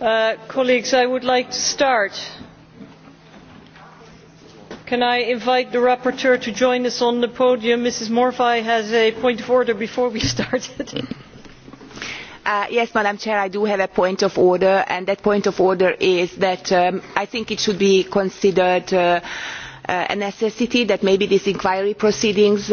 Uh, colleagues i would like to start can i invite the rapporteur to join us on the podium ms morvai has a point of order before we start. Uh, yes madam chair i do have a point of order and that point of order is that um, i think it should be considered uh, a necessity that maybe these inquiry proceedings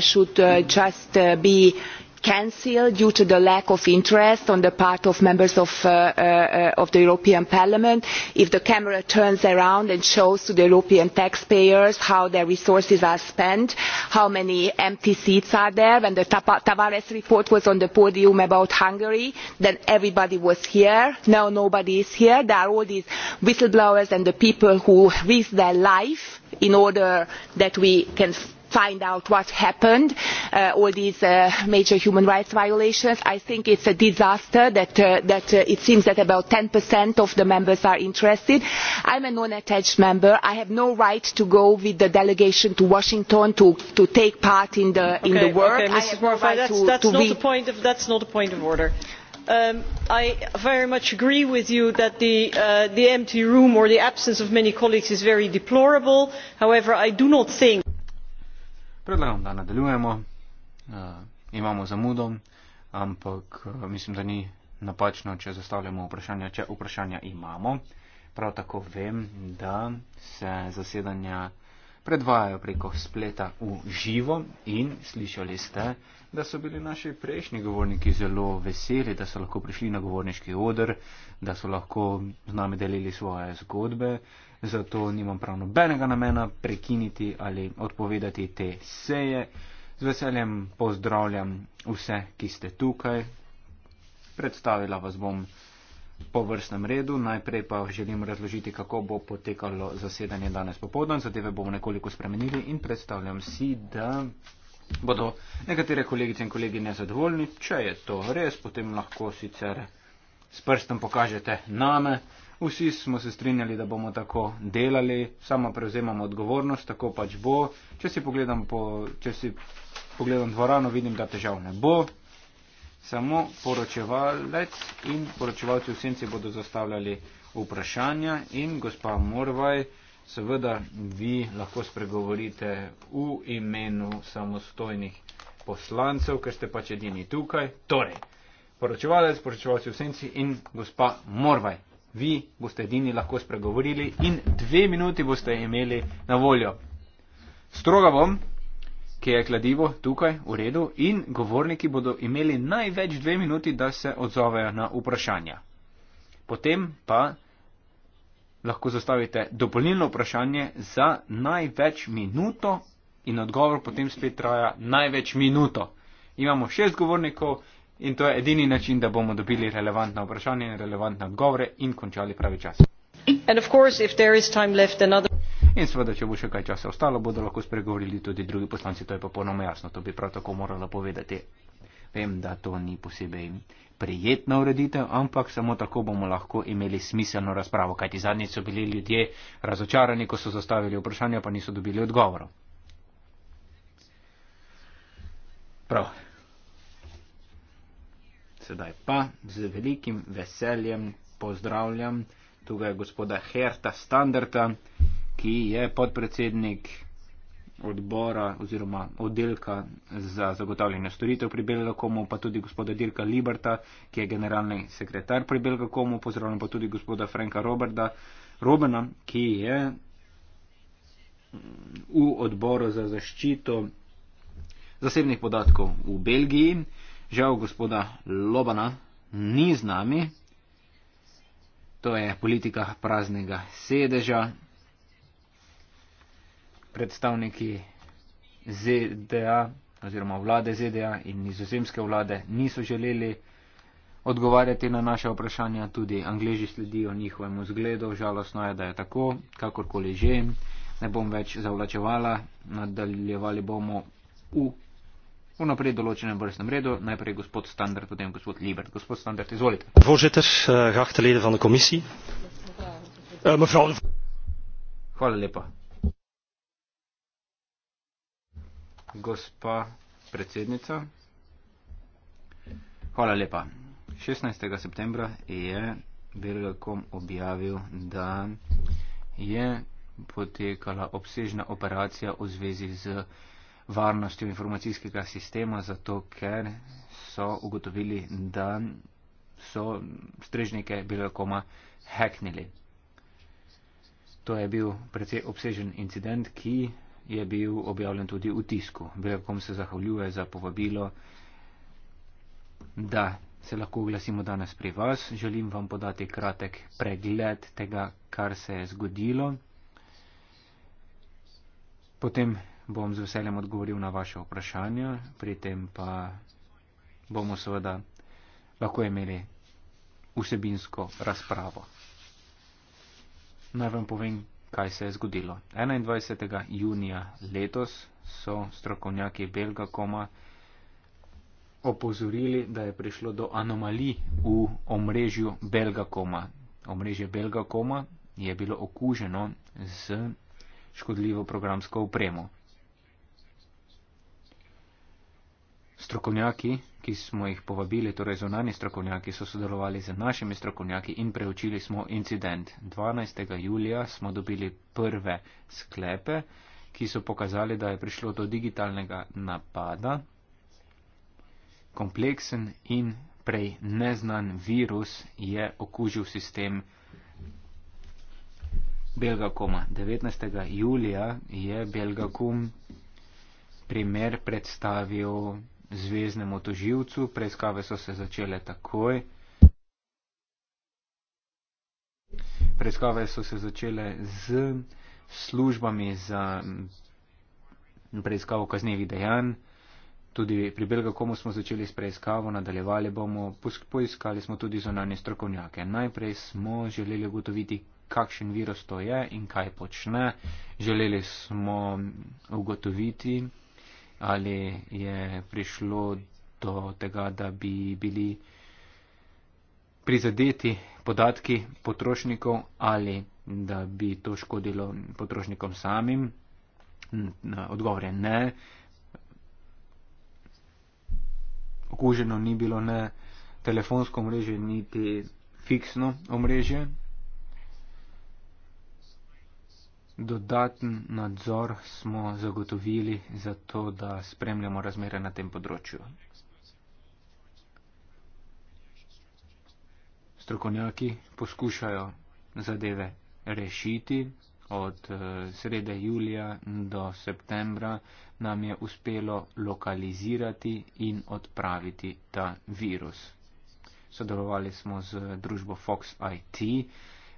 should just be cancelled due to the lack of interest on the part of members of uh, uh, the european parliament if the camera turns around and shows the european taxpayers how their resources are spent how many empty seats are there when the tavares report was on the podium about hungary then everybody was here now nobody is here. there are all these whistle blowers and the people who risk their life in order that we can find out what happened uh, all these uh, major human rights violations. i think it is a disaster that uh, it seems that about ten of the members are interested. i am a non attached member i have no right to go with the delegation to washington to take part in the work. No that is not a point of order. Um, i very much agree with you that the empty room or the absence of many colleagues is very deplorable. however i do not think predlagam, da nadaljujemo. Uh, imamo zamudo, ampak uh, mislim, da ni napačno, če zastavljamo vprašanja, če vprašanja imamo. Prav tako vem, da se zasedanja predvajajo preko spleta v živo in slišali ste, da so bili naši prejšnji govorniki zelo veseli, da so lahko prišli na govorniški odr, da so lahko z nami delili svoje zgodbe, uh, zato nimam prav nobenega namena prekiniti ali odpovedati te seje. Z veseljem pozdravljam vse, ki ste tukaj. Predstavila vas bom po vrstnem redu. Najprej pa želim razložiti, kako bo potekalo zasedanje danes popoldan. Zadeve bomo nekoliko spremenili in predstavljam si, da. Bodo nekatere kolegice in kolegi nezadovoljni, če je to res, potem lahko sicer s prstom pokažete name, Vsi smo se strinjali, da bomo tako delali, sama prevzemamo odgovornost, tako pač bo. Če si pogledam, po, če si pogledam dvorano, vidim, da težav ne bo. Samo poročevalec in poročevalci v senci bodo zastavljali vprašanja in gospa Morvaj, seveda vi lahko spregovorite v imenu samostojnih poslancev, ker ste pač edini tukaj. Torej, poročevalec, poročevalci v senci in gospa Morvaj vi boste edini lahko spregovorili in dve minuti boste imeli na voljo. Stroga bom, ki je kladivo tukaj v redu in govorniki bodo imeli največ dve minuti, da se odzovejo na vprašanja. Potem pa lahko zastavite dopolnilno vprašanje za največ minuto in odgovor potem spet traja največ minuto. Imamo šest govornikov, in to je edini način, da bomo dobili relevantna vprašanja in relevantne odgovore in končali pravi čas. In seveda, če bo še kaj časa ostalo, bodo lahko spregovorili tudi drugi poslanci, to je popolnoma jasno, to bi prav tako morala povedati. Vem, da to ni posebej prijetna ureditev, ampak samo tako bomo lahko imeli smiselno razpravo, kajti zadnji so bili ljudje razočarani, ko so zastavili vprašanja, pa niso dobili odgovorov. Prav sedaj pa z velikim veseljem pozdravljam tukaj gospoda Herta Standarta, ki je podpredsednik odbora oziroma oddelka za zagotavljanje storitev pri Belgakomu, pa tudi gospoda Dirka Liberta, ki je generalni sekretar pri Belgakomu, pozdravljam pa tudi gospoda Franka Roberta, Robena, ki je v odboru za zaščito zasebnih podatkov v Belgiji. Žal gospoda Lobana ni z nami. To je politika praznega sedeža. Predstavniki ZDA oziroma vlade ZDA in nizozemske vlade niso želeli odgovarjati na naše vprašanja, tudi angliži sledijo njihovemu zgledu, žalostno je, da je tako, kakorkoli že, ne bom več zavlačevala, nadaljevali bomo v vnaprej določenem vrstnem redu. Najprej gospod Standard, potem gospod Libert. Gospod Standard, izvolite. Voorzitter, eh, geachte leden van de commissie. Eh, mevrouw de Hvala lepa. Gospa predsednica. Hvala lepa. 16. septembra je Belgacom objavil, da je potekala obsežna operacija v zvezi z varnostjo informacijskega sistema, zato ker so ugotovili, da so strežnike Belekoma hacknili. To je bil precej obsežen incident, ki je bil objavljen tudi v tisku. Belekom se zahvaljuje za povabilo, da se lahko oglasimo danes pri vas. Želim vam podati kratek pregled tega, kar se je zgodilo. Potem bom z veseljem odgovoril na vaše vprašanja, pri tem pa bomo seveda lahko imeli vsebinsko razpravo. Naj vam povem, kaj se je zgodilo. 21. junija letos so strokovnjaki Belga Koma opozorili, da je prišlo do anomalij v omrežju Belga Koma. Omrežje Belga Koma je bilo okuženo z škodljivo programsko opremo. strokovnjaki, ki smo jih povabili, torej zonani strokovnjaki, so sodelovali z našimi strokovnjaki in preučili smo incident. 12. julija smo dobili prve sklepe, ki so pokazali, da je prišlo do digitalnega napada. Kompleksen in prej neznan virus je okužil sistem Belgakoma. 19. julija je Belgakum primer predstavil zvezdnemu toživcu, preiskave so se začele takoj. Preiskave so se začele z službami za mm, preiskavo kaznevih dejanj. Tudi pri Belga komu smo začeli s preiskavo, nadaljevali bomo, poiskali smo tudi zonanje strokovnjake. Najprej smo želeli ugotoviti, kakšen virus to je in kaj počne. Želeli smo ugotoviti, ali je prišlo do tega, da bi bili prizadeti podatki potrošnikov ali da bi to škodilo potrošnikom samim. Odgovor je ne. Okuženo ni bilo ne telefonsko omrežje, niti fiksno omrežje. Dodaten nadzor smo zagotovili za to, da spremljamo razmere na tem področju. Strokovnjaki poskušajo zadeve rešiti. Od eh, srede julija do septembra nam je uspelo lokalizirati in odpraviti ta virus. Sodelovali smo z družbo Fox IT,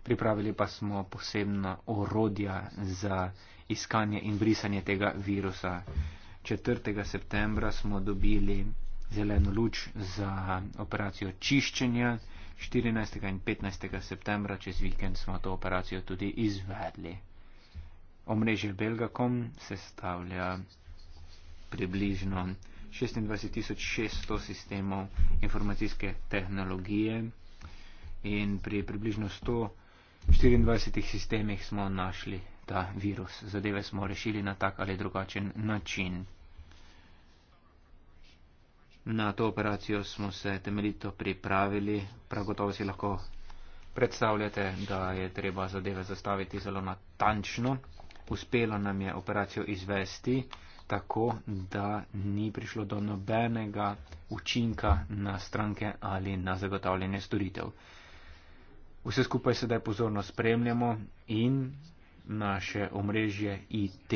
pripravili pa smo posebna orodja za iskanje in brisanje tega virusa. 4. septembra smo dobili zeleno luč za operacijo čiščenja. 14. in 15. septembra čez vikend smo to operacijo tudi izvedli. Omrežje Belgakom se stavlja približno 26.600 sistemov informacijske tehnologije in pri približno 100 24 sistemih smo našli ta virus. Zadeve smo rešili na tak ali drugačen način. Na to operacijo smo se temeljito pripravili. Pragotovo si lahko predstavljate, da je treba zadeve zastaviti zelo natančno. Uspelo nam je operacijo izvesti tako, da ni prišlo do nobenega učinka na stranke ali na zagotavljanje storitev. Vse skupaj sedaj pozorno spremljamo in naše omrežje IT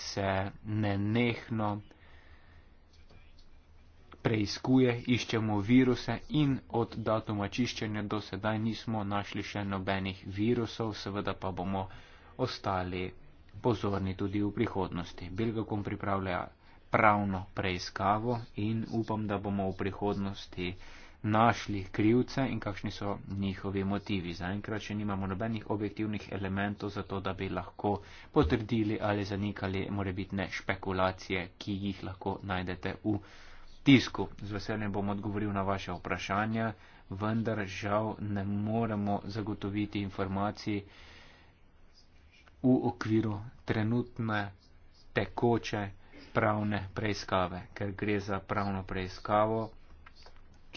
se nenehno preiskuje, iščemo viruse in od datuma čiščenja do sedaj nismo našli še nobenih virusov, seveda pa bomo ostali pozorni tudi v prihodnosti. Bilgakom pripravlja pravno preiskavo in upam, da bomo v prihodnosti našli krivce in kakšni so njihovi motivi. Zaenkrat še nimamo nobenih objektivnih elementov za to, da bi lahko potrdili ali zanikali morebitne špekulacije, ki jih lahko najdete v tisku. Z veseljem bom odgovoril na vaše vprašanja, vendar žal ne moremo zagotoviti informacij v okviru trenutne tekoče pravne preiskave, ker gre za pravno preiskavo,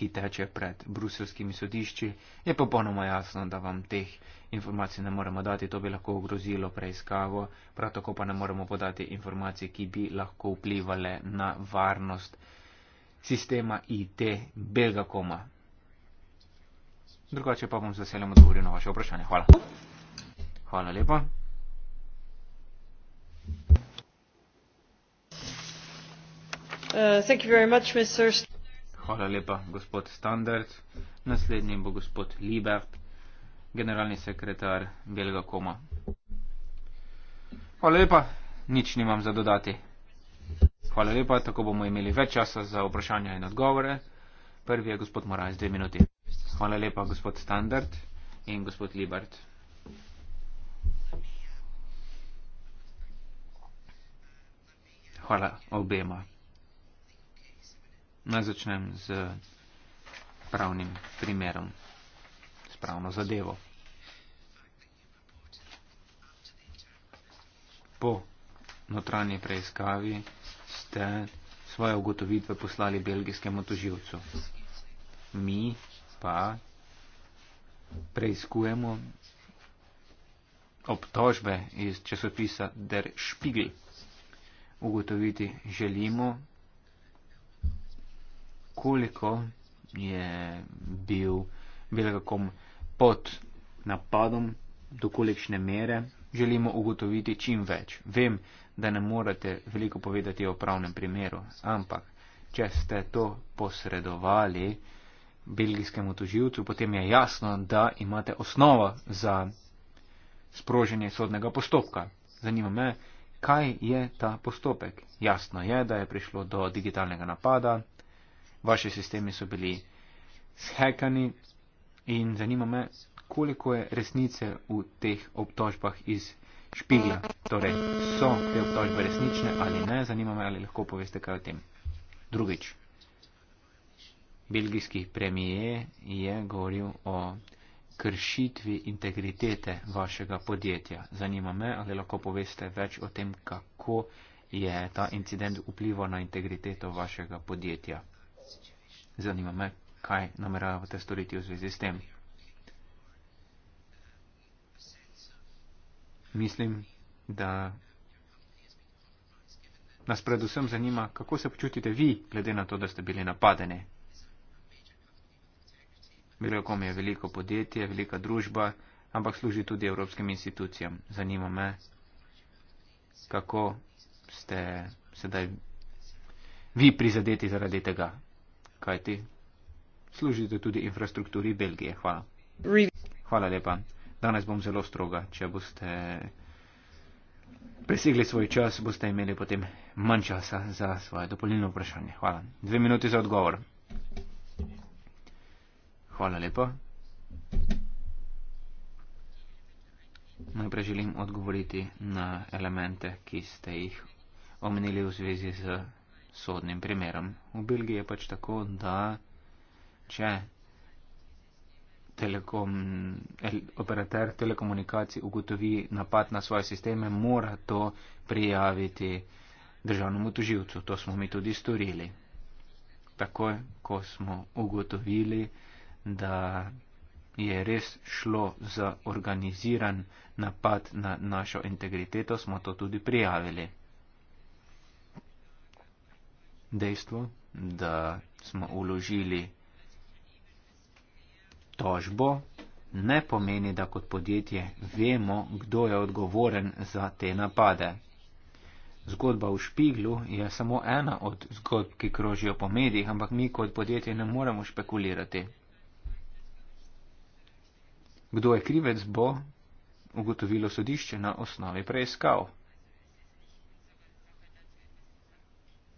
ki teče pred bruselskimi sodišči, je popolnoma jasno, da vam teh informacij ne moremo dati, to bi lahko ogrozilo preiskavo, prav tako pa ne moremo podati informacij, ki bi lahko vplivali na varnost sistema IT Belgakoma. Drugače pa bom z veseljem odgovoril na vaše vprašanje. Hvala. Hvala lepa. Uh, thank you very much, Mr. St Hvala lepa, gospod Standard. Naslednji bo gospod Liebert, generalni sekretar Belega koma. Hvala lepa, nič nimam za dodati. Hvala lepa, tako bomo imeli več časa za vprašanja in odgovore. Prvi je gospod Moraj z dve minuti. Hvala lepa, gospod Standard in gospod Liebert. Hvala obema. Naj začnem z pravnim primerom, s pravno zadevo. Po notranji preiskavi ste svoje ugotovitve poslali belgijskemu toživcu. Mi pa preiskujemo obtožbe iz časopisa Der Spiegel. Ugotoviti želimo, koliko je bil Belgakom pod napadom, do kolikšne mere želimo ugotoviti čim več. Vem, da ne morate veliko povedati o pravnem primeru, ampak če ste to posredovali belgijskemu toživcu, potem je jasno, da imate osnova za sproženje sodnega postopka. Zanima me, kaj je ta postopek. Jasno je, da je prišlo do digitalnega napada vaši sistemi so bili shekani in zanima me, koliko je resnice v teh obtožbah iz špigla. Torej, so te obtožbe resnične ali ne, zanima me, ali lahko poveste kaj o tem. Drugič, belgijski premije je govoril o kršitvi integritete vašega podjetja. Zanima me, ali lahko poveste več o tem, kako je ta incident vplival na integriteto vašega podjetja. Zanima me, kaj nameravate storiti v zvezi s tem. Mislim, da nas predvsem zanima, kako se počutite vi, glede na to, da ste bili napadeni. Veliko mi je veliko podjetje, velika družba, ampak služi tudi evropskim institucijam. Zanima me, kako ste sedaj vi prizadeti zaradi tega kajti služite tudi infrastrukturi Belgije. Hvala. Hvala lepa. Danes bom zelo stroga. Če boste presegli svoj čas, boste imeli potem manj časa za svoje dopolnilno vprašanje. Hvala. Dve minuti za odgovor. Hvala lepa. Najprej želim odgovoriti na elemente, ki ste jih omenili v zvezi z sodnim primerom. V Belgiji je pač tako, da če telekom, el, operater telekomunikacij ugotovi napad na svoje sisteme, mora to prijaviti državnemu tuživcu. To smo mi tudi storili. Takoj, ko smo ugotovili, da je res šlo za organiziran napad na našo integriteto, smo to tudi prijavili dejstvo, da smo uložili tožbo, ne pomeni, da kot podjetje vemo, kdo je odgovoren za te napade. Zgodba v špiglu je samo ena od zgodb, ki krožijo po medijih, ampak mi kot podjetje ne moremo špekulirati. Kdo je krivec, bo ugotovilo sodišče na osnovi preiskav.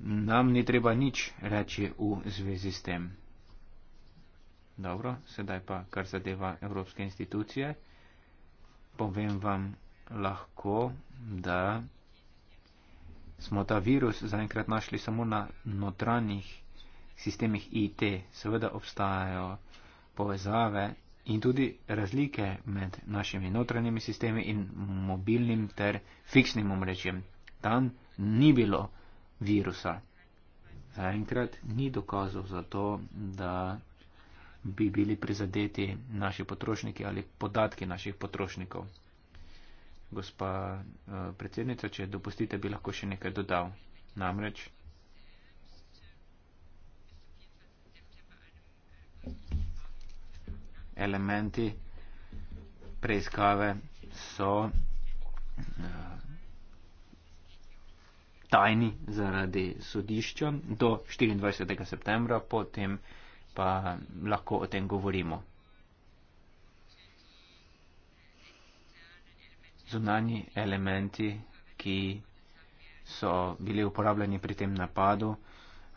nam ni treba nič reči v zvezi s tem. Dobro, sedaj pa, kar zadeva evropske institucije, povem vam lahko, da smo ta virus zaenkrat našli samo na notranjih sistemih IT. Seveda obstajajo povezave in tudi razlike med našimi notranjimi sistemi in mobilnim ter fiksnim omrečjem. Tam ni bilo virusa. Zaenkrat ni dokazov za to, da bi bili prizadeti naši potrošniki ali podatki naših potrošnikov. Gospa eh, predsednica, če dopustite, bi lahko še nekaj dodal. Namreč. Elementi preiskave so uh, tajni zaradi sodišča do 24. septembra, potem pa lahko o tem govorimo. Zunani elementi, ki so bili uporabljeni pri tem napadu,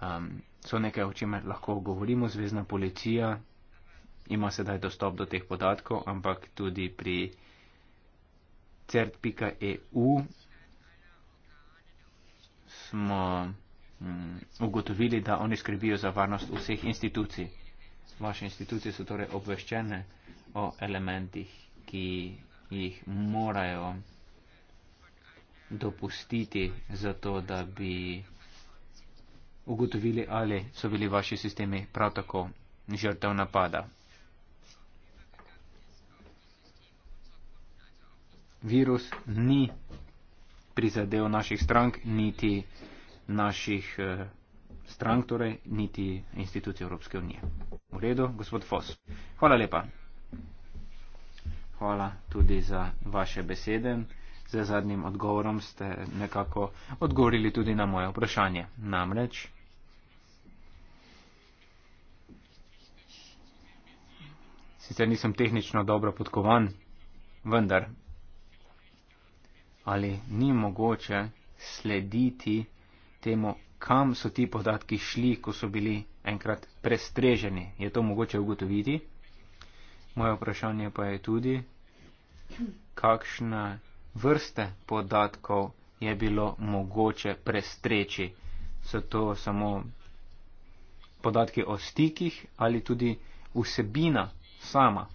um, so nekaj, o čemer lahko govorimo. Zvezdna policija ima sedaj dostop do teh podatkov, ampak tudi pri cert.eu smo mm, ugotovili, da oni skrbijo za varnost vseh institucij. Vaše institucije so torej obveščene o elementih, ki jih morajo dopustiti za to, da bi ugotovili, ali so bili vaši sistemi prav tako žrtev napada. Virus ni prizadel naših strank, niti naših eh, strank, torej niti institucij Evropske unije. V redu, gospod Fos. Hvala lepa. Hvala tudi za vaše besede. Za zadnjim odgovorom ste nekako odgovorili tudi na moje vprašanje. Namreč. Sicer nisem tehnično dobro podkovan, vendar ali ni mogoče slediti temu, kam so ti podatki šli, ko so bili enkrat prestreženi. Je to mogoče ugotoviti? Moje vprašanje pa je tudi, kakšne vrste podatkov je bilo mogoče prestreči. So to samo podatki o stikih ali tudi vsebina sama?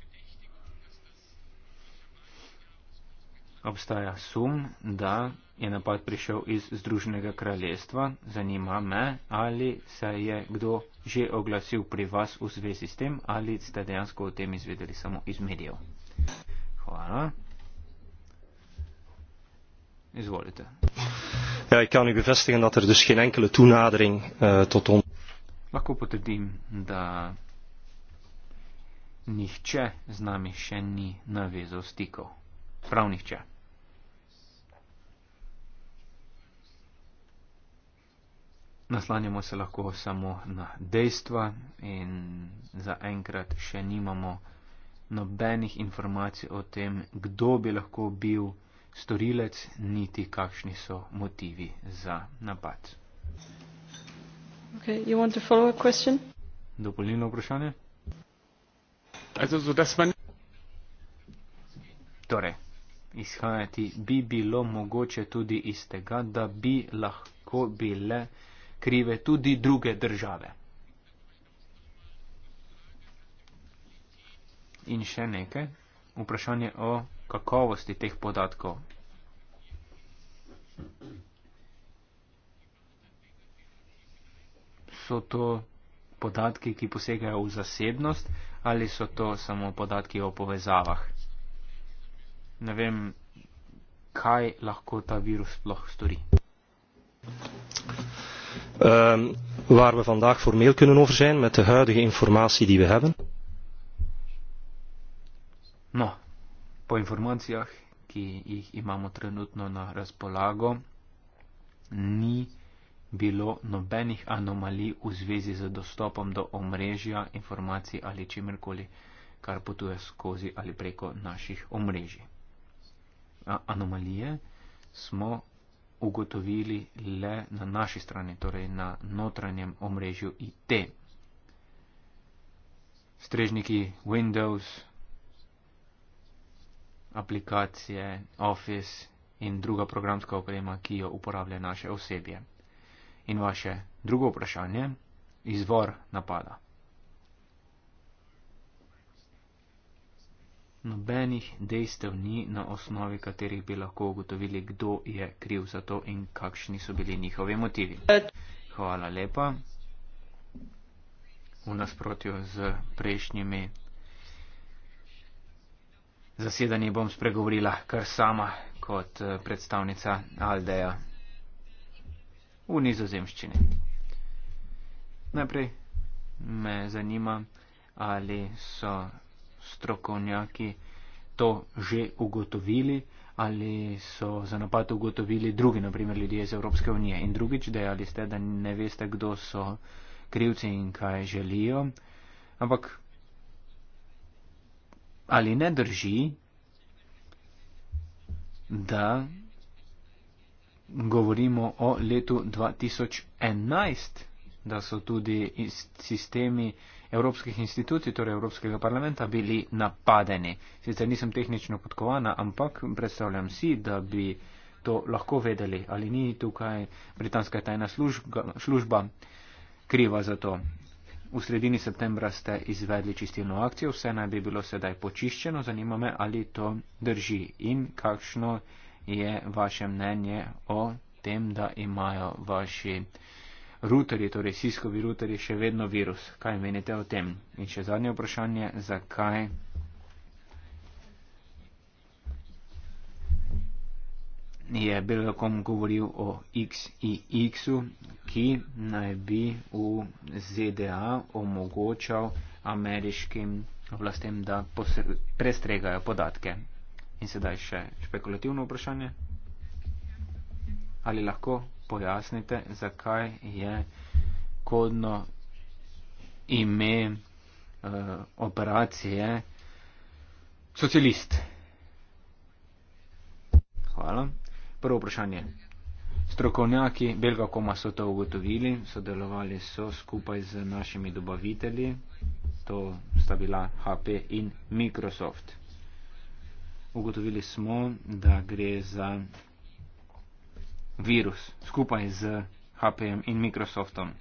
obstaja sum, da je napad prišel iz Združenega kraljestva. Zanima me, ali se je kdo že oglasil pri vas v zvezi s tem, ali ste dejansko o tem izvedeli samo iz medijev. Hvala. Izvolite. Ja, ik kan u bevestigen dat er dus geen enkele toenadering uh, tot ons. Mag ik potrdim, dat nichtje z nami še ni navezal stikov. Prav nichtje. Naslanjamo se lahko samo na dejstva in zaenkrat še nimamo nobenih informacij o tem, kdo bi lahko bil storilec, niti kakšni so motivi za napad. Okay, Dopolnilno vprašanje? Also, so torej, izhajati bi bilo mogoče tudi iz tega, da bi lahko bile krive tudi druge države. In še nekaj, vprašanje o kakovosti teh podatkov. So to podatki, ki posegajo v zasebnost, ali so to samo podatki o povezavah? Ne vem, kaj lahko ta virus sploh stori uh, waar we vandaag formeel kunnen over zijn met de huidige informatie die we hebben. No, po informacijah, ki jih imamo trenutno na razpolago, ni bilo nobenih anomalij v zvezi z dostopom do omrežja, informacij ali čimerkoli, kar potuje skozi ali preko naših omrežij. Anomalije smo ugotovili le na naši strani, torej na notranjem omrežju IT. Strežniki Windows, aplikacije, Office in druga programska oprema, ki jo uporablja naše osebje. In vaše drugo vprašanje, izvor napada. nobenih dejstev ni, na osnovi katerih bi lahko ugotovili, kdo je kriv za to in kakšni so bili njihovi motivi. Hvala lepa. V nasprotju z prejšnjimi zasedanji bom spregovorila kar sama kot eh, predstavnica Aldeja v nizozemščini. Najprej me zanima, ali so strokovnjaki to že ugotovili ali so za napad ugotovili drugi, naprimer ljudje iz Evropske unije. In drugič, dejali ste, da ne veste, kdo so krivci in kaj želijo. Ampak ali ne drži, da govorimo o letu 2011, da so tudi sistemi evropskih institucij, torej Evropskega parlamenta, bili napadeni. Sicer nisem tehnično podkovana, ampak predstavljam si, da bi to lahko vedeli, ali ni tukaj britanska tajna služba, služba kriva za to. V sredini septembra ste izvedli čistilno akcijo, vse naj bi bilo sedaj počiščeno, zanima me, ali to drži in kakšno je vaše mnenje o tem, da imajo vaši ruterji, torej siskovi ruterji, še vedno virus. Kaj menite o tem? In še zadnje vprašanje, zakaj? Je Belgakom govoril o XIX-u, ki naj bi v ZDA omogočal ameriškim oblastem, da prestregajo podatke. In sedaj še špekulativno vprašanje. Ali lahko pojasnite, zakaj je kodno ime uh, operacije socialist. Hvala. Prvo vprašanje. Strokovnjaki Belgakoma so to ugotovili, sodelovali so skupaj z našimi dobavitelji, to sta bila HP in Microsoft. Ugotovili smo, da gre za virus skupaj z HPM in Microsoftom.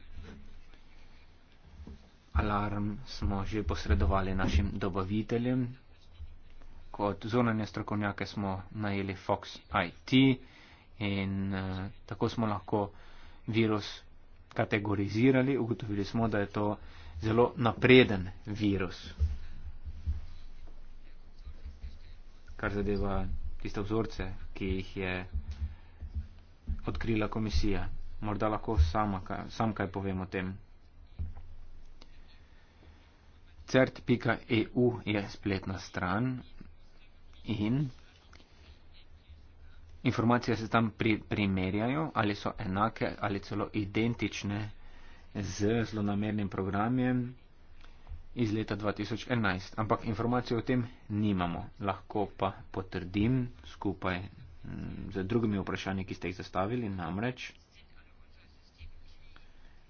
Alarm smo že posredovali našim dobaviteljem. Kot zunanje strokovnjake smo najeli Fox IT in eh, tako smo lahko virus kategorizirali. Ugotovili smo, da je to zelo napreden virus. Kar zadeva tiste vzorce, ki jih je odkrila komisija. Morda lahko sama, sam kaj povem o tem. cert.eu je spletna stran in informacije se tam pri, primerjajo, ali so enake ali celo identične z zlonamernim programjem iz leta 2011. Ampak informacije o tem nimamo. Lahko pa potrdim skupaj z drugimi vprašanji, ki ste jih zastavili, namreč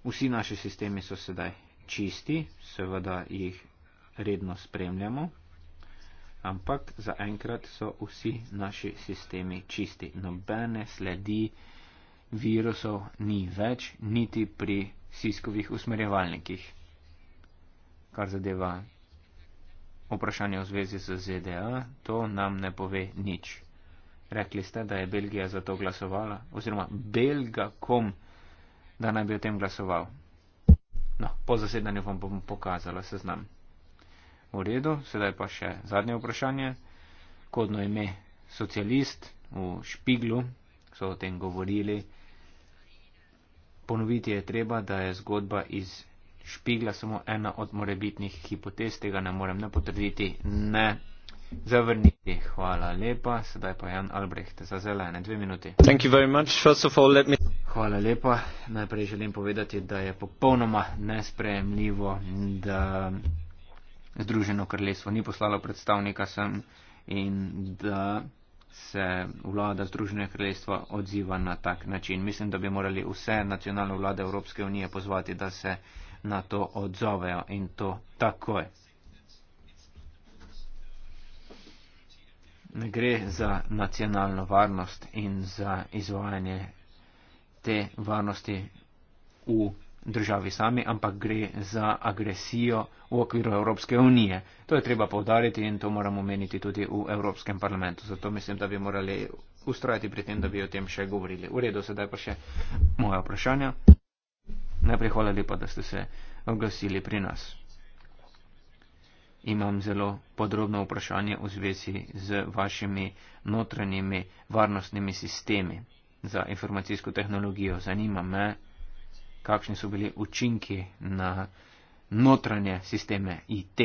vsi naši sistemi so sedaj čisti, seveda jih redno spremljamo, ampak zaenkrat so vsi naši sistemi čisti. Nobene sledi virusov ni več, niti pri siskovih usmerjevalnikih. Kar zadeva vprašanje v zvezi z ZDA, to nam ne pove nič. Rekli ste, da je Belgija za to glasovala, oziroma Belga kom, da naj bi o tem glasoval. No, po zasedanju vam bom pokazala seznam. V redu, sedaj pa še zadnje vprašanje. Kodno ime socialist v špiglu, so o tem govorili. Ponoviti je treba, da je zgodba iz špigla samo ena od morebitnih hipotez, tega ne morem ne potrditi, ne zavrniti. Hvala lepa. Sedaj pa Jan Albrecht za zelene dve minuti. Hvala lepa. Najprej želim povedati, da je popolnoma nespremljivo, da Združeno krljestvo ni poslalo predstavnika sem in da se vlada Združene krljestva odziva na tak način. Mislim, da bi morali vse nacionalne vlade Evropske unije pozvati, da se na to odzovejo in to takoj. gre za nacionalno varnost in za izvajanje te varnosti v državi sami, ampak gre za agresijo v okviru Evropske unije. To je treba povdariti in to moramo omeniti tudi v Evropskem parlamentu. Zato mislim, da bi morali ustrajati pri tem, da bi o tem še govorili. V redu, sedaj pa še moja vprašanja. Najprej hvala lepa, da ste se oglasili pri nas imam zelo podrobno vprašanje v zvezi z vašimi notranjimi varnostnimi sistemi za informacijsko tehnologijo. Zanima me, kakšni so bili učinki na notranje sisteme IT.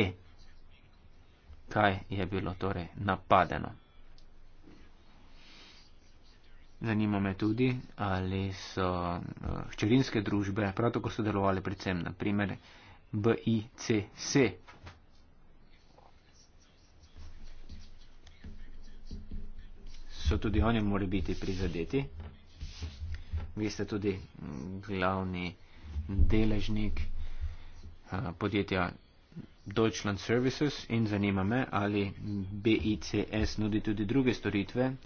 Kaj je bilo torej napadeno? Zanima me tudi, ali so eh, hčerinske družbe prav tako sodelovali predvsem, naprimer, BICC so tudi oni mora biti prizadeti. Vi ste tudi glavni deležnik eh, podjetja Deutschland Services in zanima me, ali BICS nudi tudi druge storitve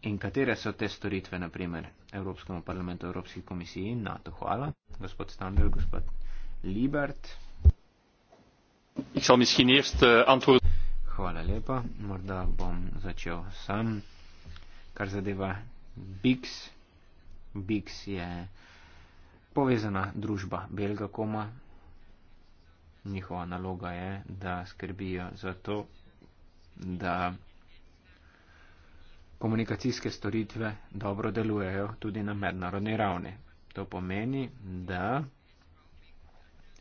in katere so te storitve, naprimer Evropskemu parlamentu, Evropski komisiji in NATO. Hvala, gospod Standard, gospod Libert. Eh, Hvala lepa, morda bom začel sam kar zadeva Bix. Bix je povezana družba Belgakoma. Njihova naloga je, da skrbijo za to, da komunikacijske storitve dobro delujejo tudi na mednarodni ravni. To pomeni, da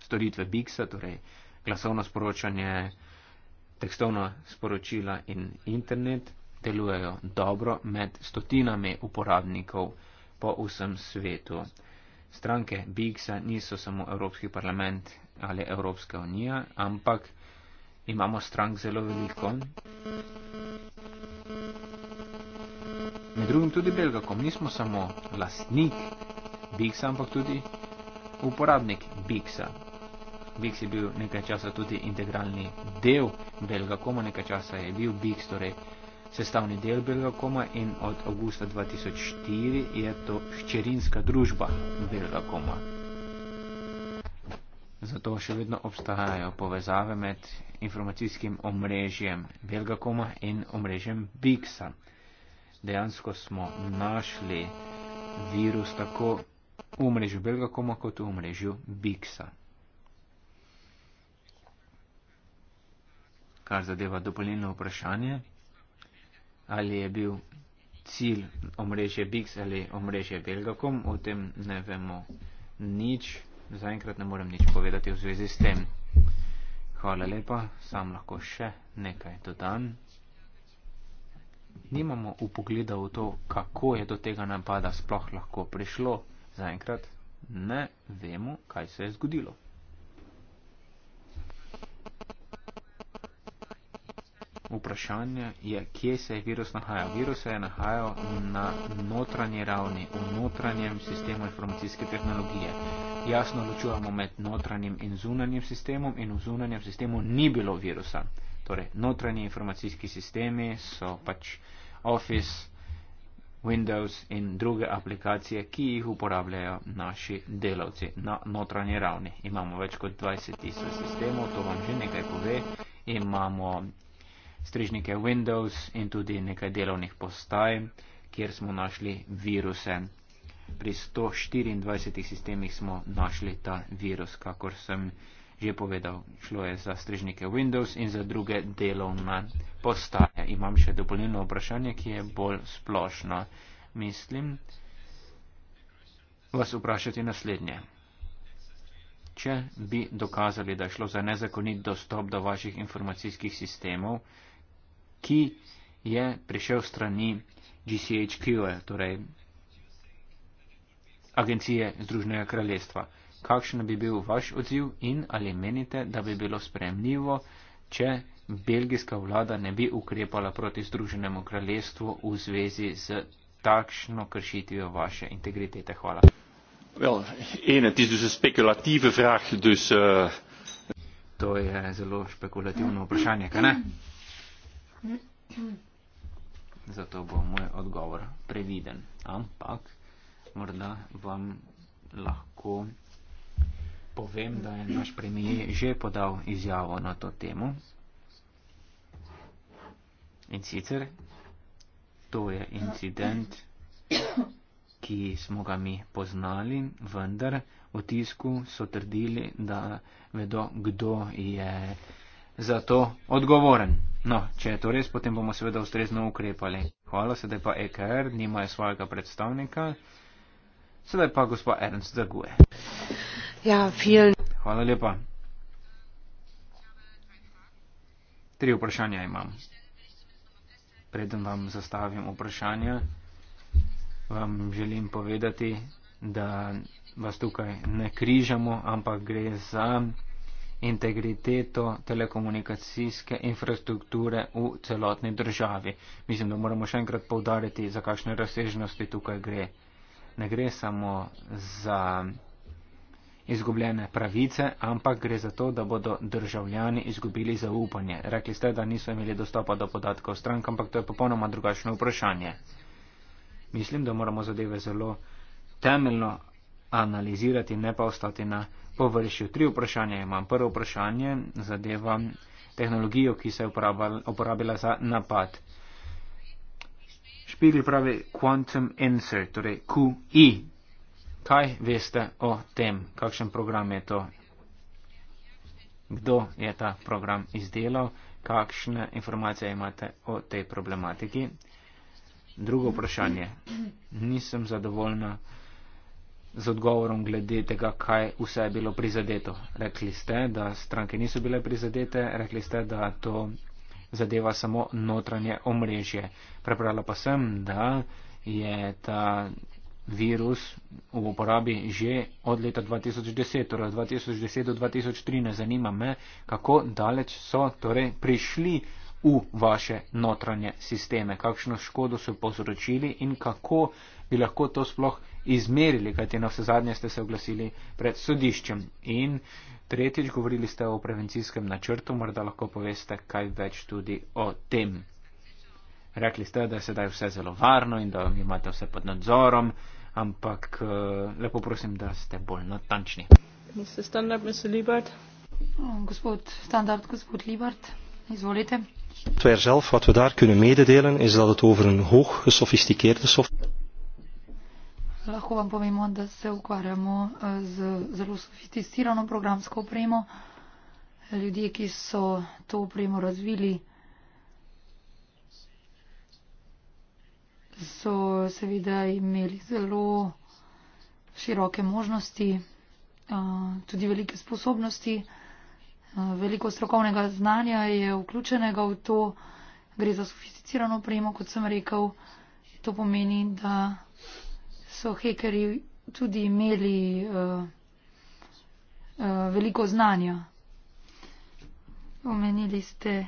storitve Bixa, torej glasovno sporočanje, tekstovna sporočila in internet delujejo dobro med stotinami uporabnikov po vsem svetu. Stranke Bigsa niso samo Evropski parlament ali Evropska unija, ampak imamo strank zelo veliko. Med drugim tudi Belgakom. Nismo samo lastnik Bigsa, ampak tudi uporabnik Bigsa. Bix je bil nekaj časa tudi integralni del Belgakoma, nekaj časa je bil Bix, torej sestavni del Belgakoma in od augusta 2004 je to ščerinska družba Belgakoma. Zato še vedno obstajajo povezave med informacijskim omrežjem Belgakoma in omrežjem Bixa. Dejansko smo našli virus tako v omrežju Belgakoma kot v omrežju Bixa. Kar zadeva dopolnilno vprašanje, ali je bil cilj omrežje Bix ali omrežje Belgakom, o tem ne vemo nič, zaenkrat ne morem nič povedati v zvezi s tem. Hvala lepa, sam lahko še nekaj dodan. Nimamo upogleda v to, kako je do tega napada sploh lahko prišlo, zaenkrat ne vemo, kaj se je zgodilo. vprašanje je, kje se je virus nahajal. Virus se je nahajal na notranji ravni, v notranjem sistemu informacijske tehnologije. Jasno ločujemo med notranjim in zunanjim sistemom in v zunanjem sistemu ni bilo virusa. Torej, notranji informacijski sistemi so pač Office, Windows in druge aplikacije, ki jih uporabljajo naši delavci na notranji ravni. Imamo več kot 20 tisoč sistemov, to vam že nekaj pove. Imamo strežnike Windows in tudi nekaj delovnih postaj, kjer smo našli viruse. Pri 124 sistemih smo našli ta virus, kakor sem že povedal, šlo je za strežnike Windows in za druge delovne postaje. Imam še dopolnilno vprašanje, ki je bolj splošno. Mislim vas vprašati naslednje. Če bi dokazali, da je šlo za nezakonit dostop do vaših informacijskih sistemov, ki je prišel strani GCHQ, torej Agencije Združenega kraljestva. Kakšen bi bil vaš odziv in ali menite, da bi bilo spremljivo, če belgijska vlada ne bi ukrepala proti Združenemu kraljestvu v zvezi z takšno kršitvijo vaše integritete? Hvala. Well, ene, dus vraag, dus, uh... To je zelo špekulativno vprašanje, kaj ne? Mm. Zato bo moj odgovor previden, ampak morda vam lahko povem, da je naš premije že podal izjavo na to temo. In sicer to je incident, ki smo ga mi poznali, vendar v tisku so trdili, da vedo, kdo je za to odgovoren. No, če je to res, potem bomo seveda ustrezno ukrepali. Hvala se, da pa EKR nima svojega predstavnika. Sedaj pa gospod Ernst zaguje. Ja, film. Hvala lepa. Tri vprašanja imam. Preden vam zastavim vprašanja, vam želim povedati, da vas tukaj ne križamo, ampak gre za integriteto telekomunikacijske infrastrukture v celotni državi. Mislim, da moramo še enkrat povdariti, za kakšne razsežnosti tukaj gre. Ne gre samo za izgubljene pravice, ampak gre za to, da bodo državljani izgubili zaupanje. Rekli ste, da niso imeli dostopa do podatkov strank, ampak to je popolnoma drugačno vprašanje. Mislim, da moramo zadeve zelo temeljno analizirati, ne pa ostati na površju. Tri vprašanja imam. Prvo vprašanje zadeva tehnologijo, ki se je uporabila za napad. Špigl pravi Quantum Insert, torej QI. Kaj veste o tem? Kakšen program je to? Kdo je ta program izdelal? Kakšne informacije imate o tej problematiki? Drugo vprašanje. Nisem zadovoljna z odgovorom glede tega, kaj vse je bilo prizadeto. Rekli ste, da stranke niso bile prizadete, rekli ste, da to zadeva samo notranje omrežje. Prebrala pa sem, da je ta virus v uporabi že od leta 2010, torej 2010 do 2013. Zanima me, kako daleč so torej prišli v vaše notranje sisteme, kakšno škodo so povzročili in kako bi lahko to sploh izmerili, kajti na vse zadnje ste se oglasili pred sodiščem. In tretjič, govorili ste o prevencijskem načrtu, morda lahko poveste kaj več tudi o tem. Rekli ste, da je sedaj vse zelo varno in da imate vse pod nadzorom, ampak eh, lepo prosim, da ste bolj natančni. Mr. Standard, Mr. Liebert. Oh, gospod Standard, gospod Liebert, izvolite. Wat wij zelf, wat we daar kunnen mededelen, is dat het over een hoog gesofisticeerde software lahko vam povemo, da se ukvarjamo eh, z zelo sofisticirano programsko opremo. Ljudje, ki so to opremo razvili, so seveda imeli zelo široke možnosti, eh, tudi velike sposobnosti, eh, veliko strokovnega znanja je vključenega v to. Gre za sofisticirano opremo, kot sem rekel. To pomeni, da so hekerji tudi imeli uh, uh, veliko znanja. Omenili ste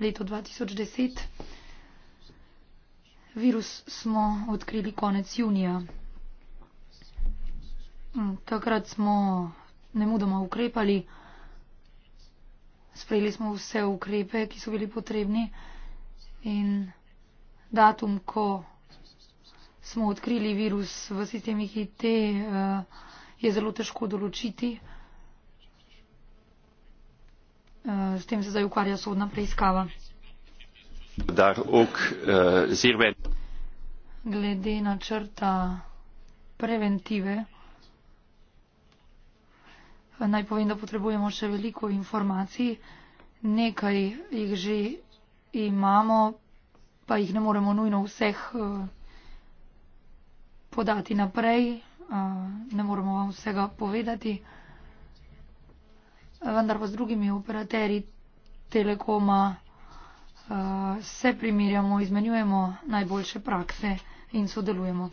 leto 2010. Virus smo odkrili konec junija. Mm, takrat smo nemudoma ukrepali, sprejeli smo vse ukrepe, ki so bili potrebni in datum, ko smo odkrili virus v sistemih IT, eh, je zelo težko določiti. Eh, s tem se zdaj ukvarja sodna preiskava. Eh, Glede na črta preventive, naj povem, da potrebujemo še veliko informacij. Nekaj jih že imamo, pa jih ne moremo nujno vseh podati naprej, ne moramo vam vsega povedati, vendar pa z drugimi operaterji telekoma se primirjamo, izmenjujemo najboljše prakse in sodelujemo.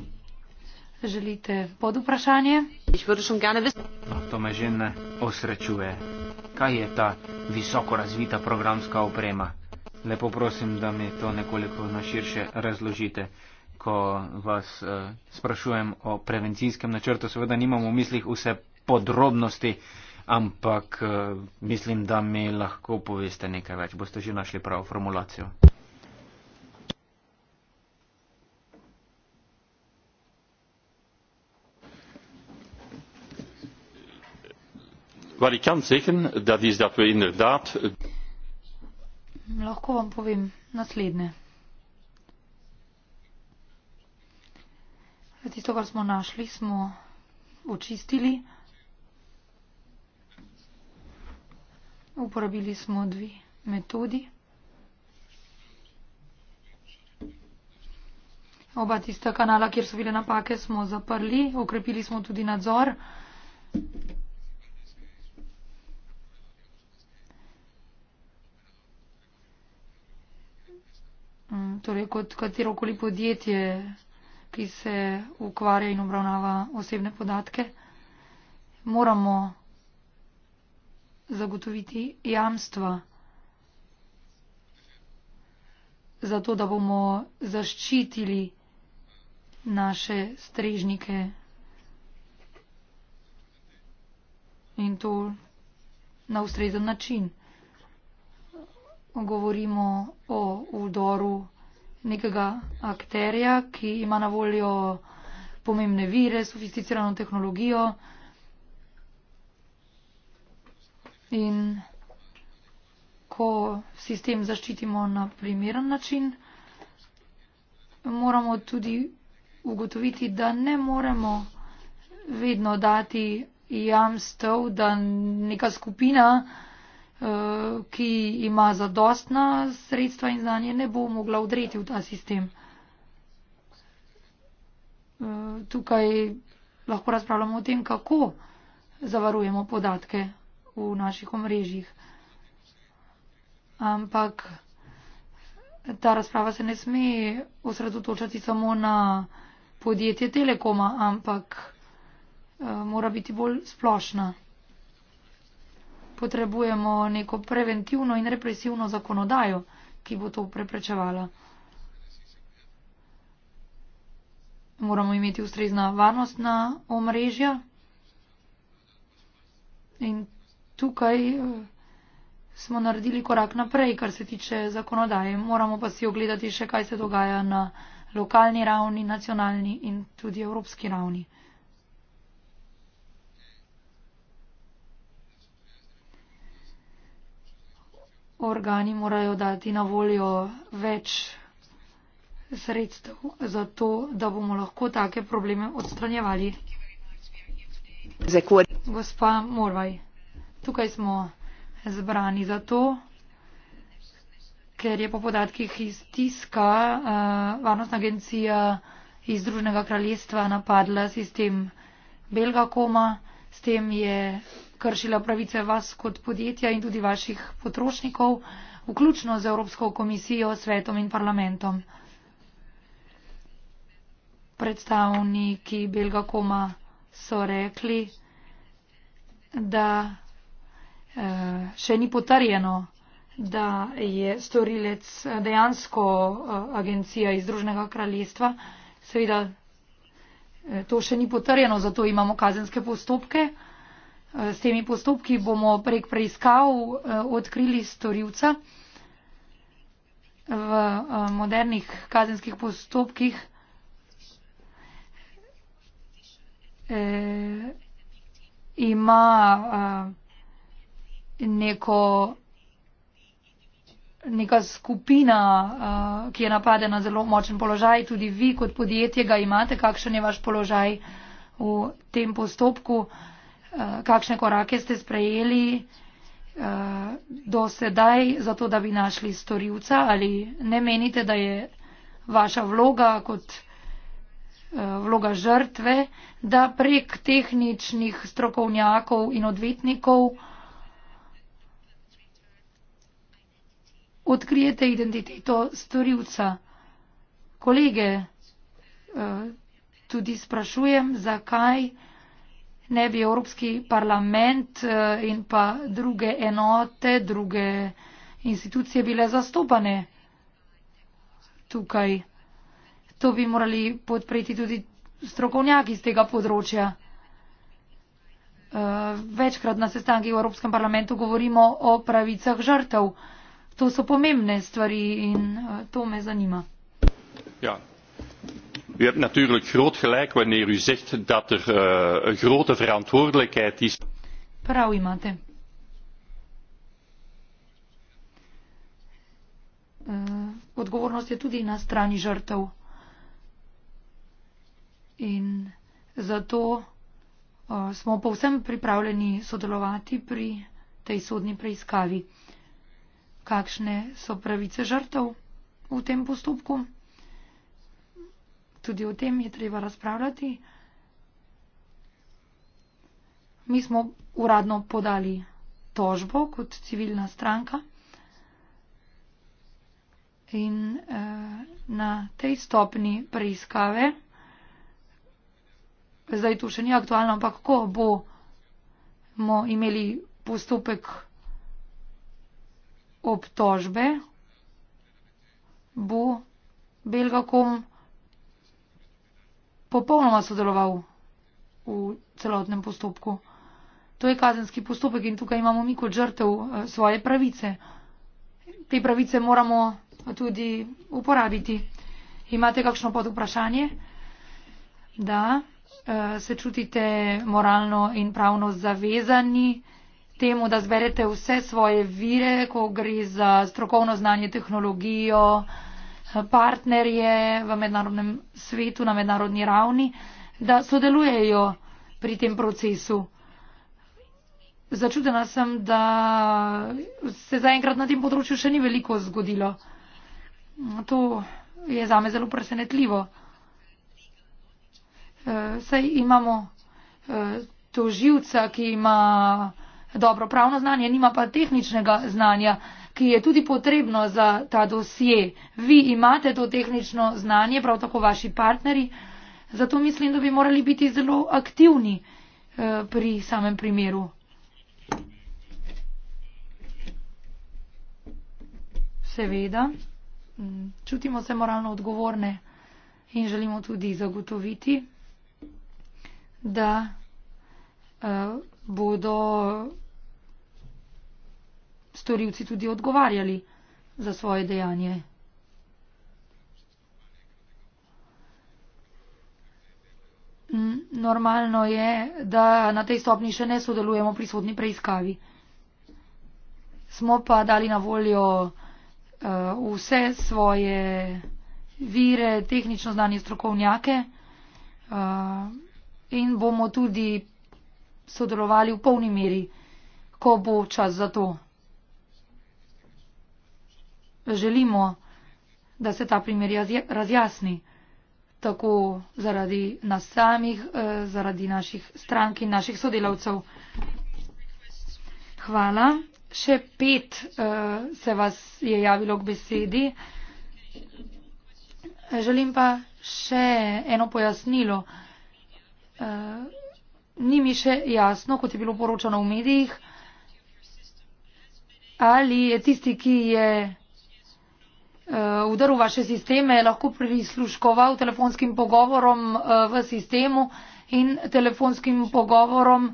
Želite pod vprašanje? To me že ne osrečuje. Kaj je ta visoko razvita programska oprema? Lepo prosim, da mi to nekoliko naširše razložite ko vas uh, sprašujem o prevencijskem načrtu, seveda nimam v mislih vse podrobnosti, ampak uh, mislim, da mi lahko poveste nekaj več. Boste že našli pravo formulacijo. Wat ik kan zeggen, dat is dat we inderdaad. Lahko vam povem naslednje. Tisto, kar smo našli, smo očistili. Uporabili smo dve metodi. Oba tista kanala, kjer so bile napake, smo zaprli. Okrepili smo tudi nadzor. Mm, torej, kot katero koli podjetje ki se ukvarja in obravnava osebne podatke, moramo zagotoviti jamstva za to, da bomo zaščitili naše strežnike in to na ustrezen način. Govorimo o vdoru nekega akterja, ki ima na voljo pomembne vire, sofisticirano tehnologijo in ko sistem zaščitimo na primeren način, moramo tudi ugotoviti, da ne moremo vedno dati jamstev, da neka skupina Eh, ki ima zadostna sredstva in znanje, ne bo mogla odreti v ta sistem. Eh, tukaj lahko razpravljamo o tem, kako zavarujemo podatke v naših omrežjih. Ampak ta razprava se ne sme osredotočati samo na podjetje Telekoma, ampak eh, mora biti bolj splošna potrebujemo neko preventivno in represivno zakonodajo, ki bo to preprečevala. Moramo imeti ustrezna varnostna omrežja in tukaj eh, smo naredili korak naprej, kar se tiče zakonodaje. Moramo pa si ogledati še, kaj se dogaja na lokalni ravni, nacionalni in tudi evropski ravni. organi morajo dati na voljo več sredstev za to, da bomo lahko take probleme odstranjevali. Gospa Morvaj, tukaj smo zbrani za to, ker je po podatkih iz tiska uh, varnostna agencija iz Združenega kraljestva napadla sistem Belgakoma, s tem je kršila pravice vas kot podjetja in tudi vaših potrošnikov, vključno z Evropsko komisijo, svetom in parlamentom. Predstavniki Belga Koma so rekli, da eh, še ni potrjeno, da je storilec dejansko eh, agencija iz Združenega kraljestva. Seveda eh, to še ni potrjeno, zato imamo kazenske postopke. Eh, s temi postopki bomo prek preiskav eh, odkrili storilca. V eh, modernih kazenskih postopkih ima neko, neka skupina, ki je napadena zelo močen položaj. Tudi vi kot podjetje ga imate. Kakšen je vaš položaj v tem postopku? Eh, kakšne korake ste sprejeli eh, do sedaj, zato da bi našli storilca ali ne menite, da je vaša vloga kot eh, vloga žrtve, da prek tehničnih strokovnjakov in odvetnikov odkrijete identiteto storilca. Kolege, tudi sprašujem, zakaj ne bi Evropski parlament eh, in pa druge enote, druge institucije bile zastopane tukaj. To bi morali podpreti tudi strokovnjaki z tega področja. Eh, večkrat na sestankih v Evropskem parlamentu govorimo o pravicah žrtev. To so pomembne stvari in eh, to me zanima. Ja, u hebt natuurlijk groot gelijk wanneer u zegt dat er eh, een grote verantwoordelijkheid is. Prav imate. Uh, odgovornost je tudi na strani žrtev. In zato uh, smo povsem pripravljeni sodelovati pri tej sodni preiskavi. Kakšne so pravice žrtev v tem postopku? tudi o tem je treba razpravljati. Mi smo uradno podali tožbo kot civilna stranka in eh, na tej stopni preiskave, zdaj tu še ni aktualno, ampak ko bomo imeli postopek obtožbe, bo Belgakom popolnoma sodeloval v celotnem postopku. To je kazenski postopek in tukaj imamo mi kot žrtev eh, svoje pravice. Te pravice moramo tudi uporabiti. Imate kakšno pod vprašanje? Da eh, se čutite moralno in pravno zavezani temu, da zberete vse svoje vire, ko gre za strokovno znanje, tehnologijo, partnerje v mednarodnem svetu, na mednarodni ravni, da sodelujejo pri tem procesu. Začudena sem, da se zaenkrat na tem področju še ni veliko zgodilo. To je zame zelo presenetljivo. Eh, saj imamo eh, to živca, ki ima dobro pravno znanje, nima pa tehničnega znanja ki je tudi potrebno za ta dosje. Vi imate to tehnično znanje, prav tako vaši partneri, zato mislim, da bi morali biti zelo aktivni eh, pri samem primeru. Seveda, mm, čutimo se moralno odgovorne in želimo tudi zagotoviti, da eh, bodo storilci tudi odgovarjali za svoje dejanje. Mm, normalno je, da na tej stopni še ne sodelujemo pri sodni preiskavi. Smo pa dali na voljo uh, vse svoje vire, tehnično znanje strokovnjake uh, in bomo tudi sodelovali v polni meri, ko bo čas za to želimo, da se ta primer razjasni. Tako zaradi nas samih, eh, zaradi naših strank in naših sodelavcev. Hvala. Še pet eh, se vas je javilo k besedi. Želim pa še eno pojasnilo. Eh, ni mi še jasno, kot je bilo poročano v medijih, ali je tisti, ki je Eh, vdrl v vaše sisteme, je lahko prisluškoval telefonskim pogovorom eh, v sistemu in telefonskim pogovorom eh,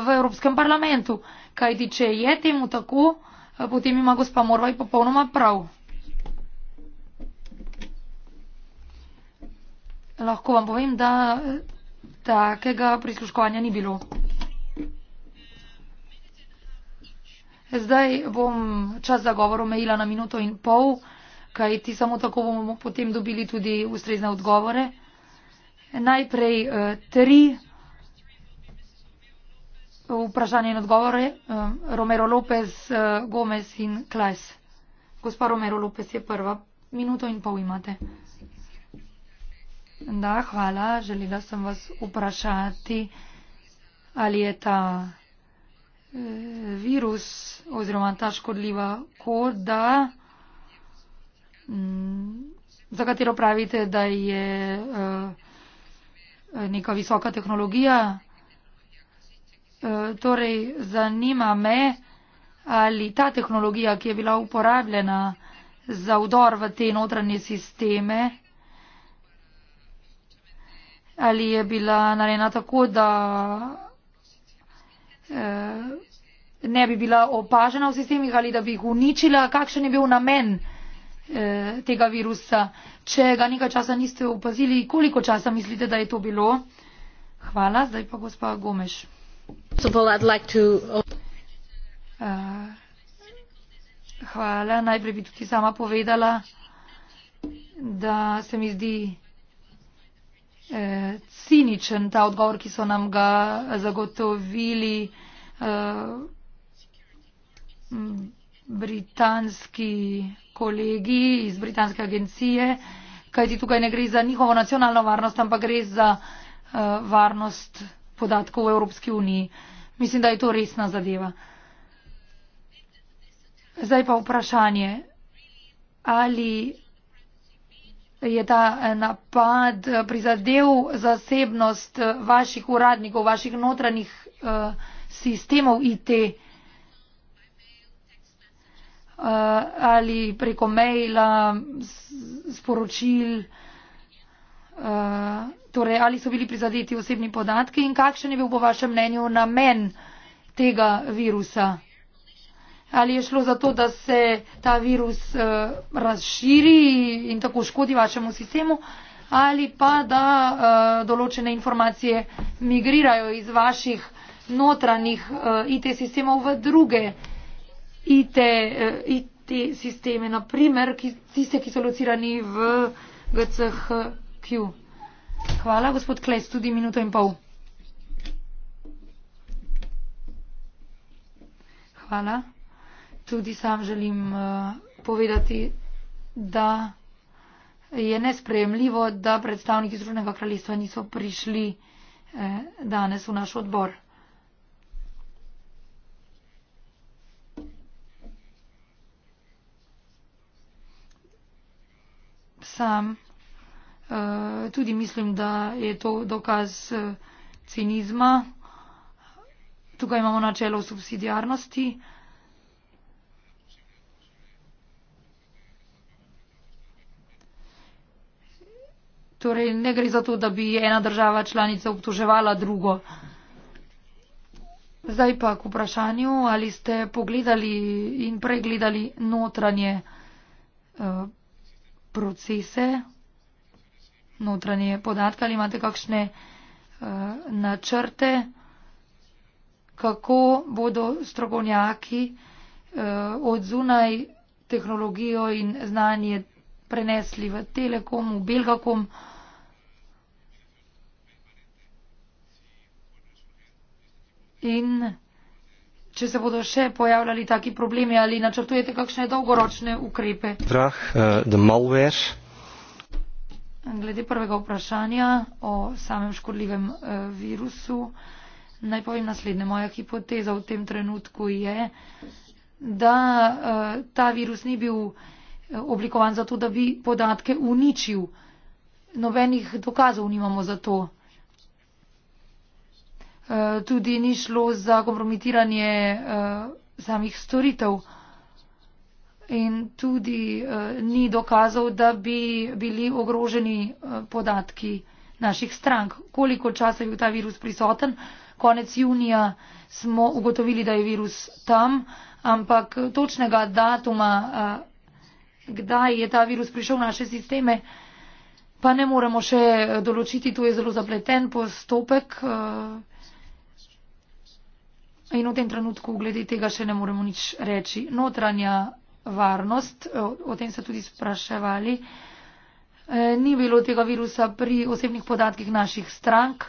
v Evropskem parlamentu. Kajti, če je temu tako, potem ima gospa Morvaj popolnoma prav. Lahko vam povem, da takega prisluškovanja ni bilo. Zdaj bom čas za govor omejila na minuto in pol kaj ti samo tako bomo potem dobili tudi ustrezne odgovore. Najprej eh, tri eh, vprašanje in odgovore. Eh, Romero Lopez, Gomez in Klaes. Gospa Romero Lopez je prva. Minuto in pol imate. Da, hvala. Želela sem vas vprašati, ali je ta virus oziroma ta škodljiva koda. Mm. za katero pravite, da je eh, neka visoka tehnologija. Eh, torej, zanima me, ali ta tehnologija, ki je bila uporabljena za vdor v te notranje sisteme, ali je bila narejena tako, da eh, ne bi bila opažena v sistemih ali da bi jih uničila, kakšen je bil namen. Eh, tega virusa. Če ga nekaj časa niste opazili, koliko časa mislite, da je to bilo? Hvala, zdaj pa gospa Gomeš. Like to... uh, hvala, najprej bi tudi sama povedala, da se mi zdi uh, ciničen ta odgovor, ki so nam ga zagotovili. Uh, britanski kolegi iz britanske agencije, kajti tukaj ne gre za njihovo nacionalno varnost, ampak gre za uh, varnost podatkov v Evropski uniji. Mislim, da je to resna zadeva. Zdaj pa vprašanje, ali je ta eh, napad eh, prizadel zasebnost vaših uradnikov, vaših notranjih uh, sistemov IT. Uh, Eh, ali preko maila, sporočil, eh, torej ali so bili prizadeti osebni podatki in kakšen je bil po vašem mnenju namen tega virusa. Ali je šlo za to, da se ta virus eh, razširi in tako škodi vašemu sistemu, ali pa da določene informacije migrirajo iz vaših notranjih IT sistemov v druge. IT, eh, IT sisteme, naprimer, ki, tiste, ki so locirani v GCHQ. Hvala, gospod Kles, tudi minuto in pol. Hvala. Tudi sam želim uh, povedati, da je nesprejemljivo, da predstavniki Združenega kraljestva niso prišli uh, danes v naš odbor. sam uh, tudi mislim, da je to dokaz uh, cinizma. Tukaj imamo načelo subsidijarnosti. Torej, ne gre za to, da bi ena država članica obtoževala drugo. Zdaj pa k vprašanju, ali ste pogledali in pregledali notranje uh, procese, notranje podatke ali imate kakšne uh, načrte, kako bodo strokovnjaki uh, od zunaj tehnologijo in znanje prenesli v Telekom, v Belgakom. In če se bodo še pojavljali taki problemi ali načrtujete kakšne dolgoročne ukrepe. Vrah, eh, uh, eh, Glede prvega vprašanja o samem škodljivem uh, virusu, naj povem naslednje. Moja hipoteza v tem trenutku je, da uh, ta virus ni bil oblikovan zato, da bi podatke uničil. Nobenih dokazov nimamo za to. Eh, tudi ni šlo za kompromitiranje eh, samih storitev. In tudi eh, ni dokazal, da bi bili ogroženi podatki naših strank. Koliko časa je bil ta virus prisoten? Konec junija smo ugotovili, da je virus tam, ampak točnega datuma, kdaj je ta virus prišel v naše sisteme, pa ne moremo še določiti. To je zelo zapleten postopek. In v tem trenutku glede tega še ne moremo nič reči. Notranja varnost, e, o tem se tudi spraševali, e, ni bilo tega virusa pri osebnih podatkih naših strank,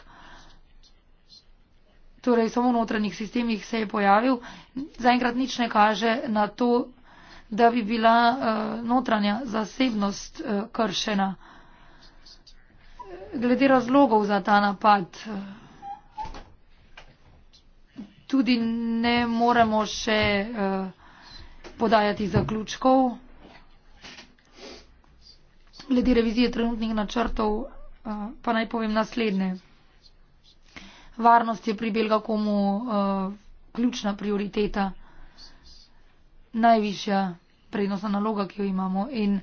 torej samo v notranjih sistemih se je pojavil. Zaenkrat nič ne kaže na to, da bi bila e, notranja zasebnost kršena. Glede razlogov za ta napad tudi ne moremo še eh, podajati zaključkov. Glede revizije trenutnih načrtov eh, pa naj povem naslednje. Varnost je pri Belgakomu eh, ključna prioriteta, najvišja prednostna naloga, ki jo imamo in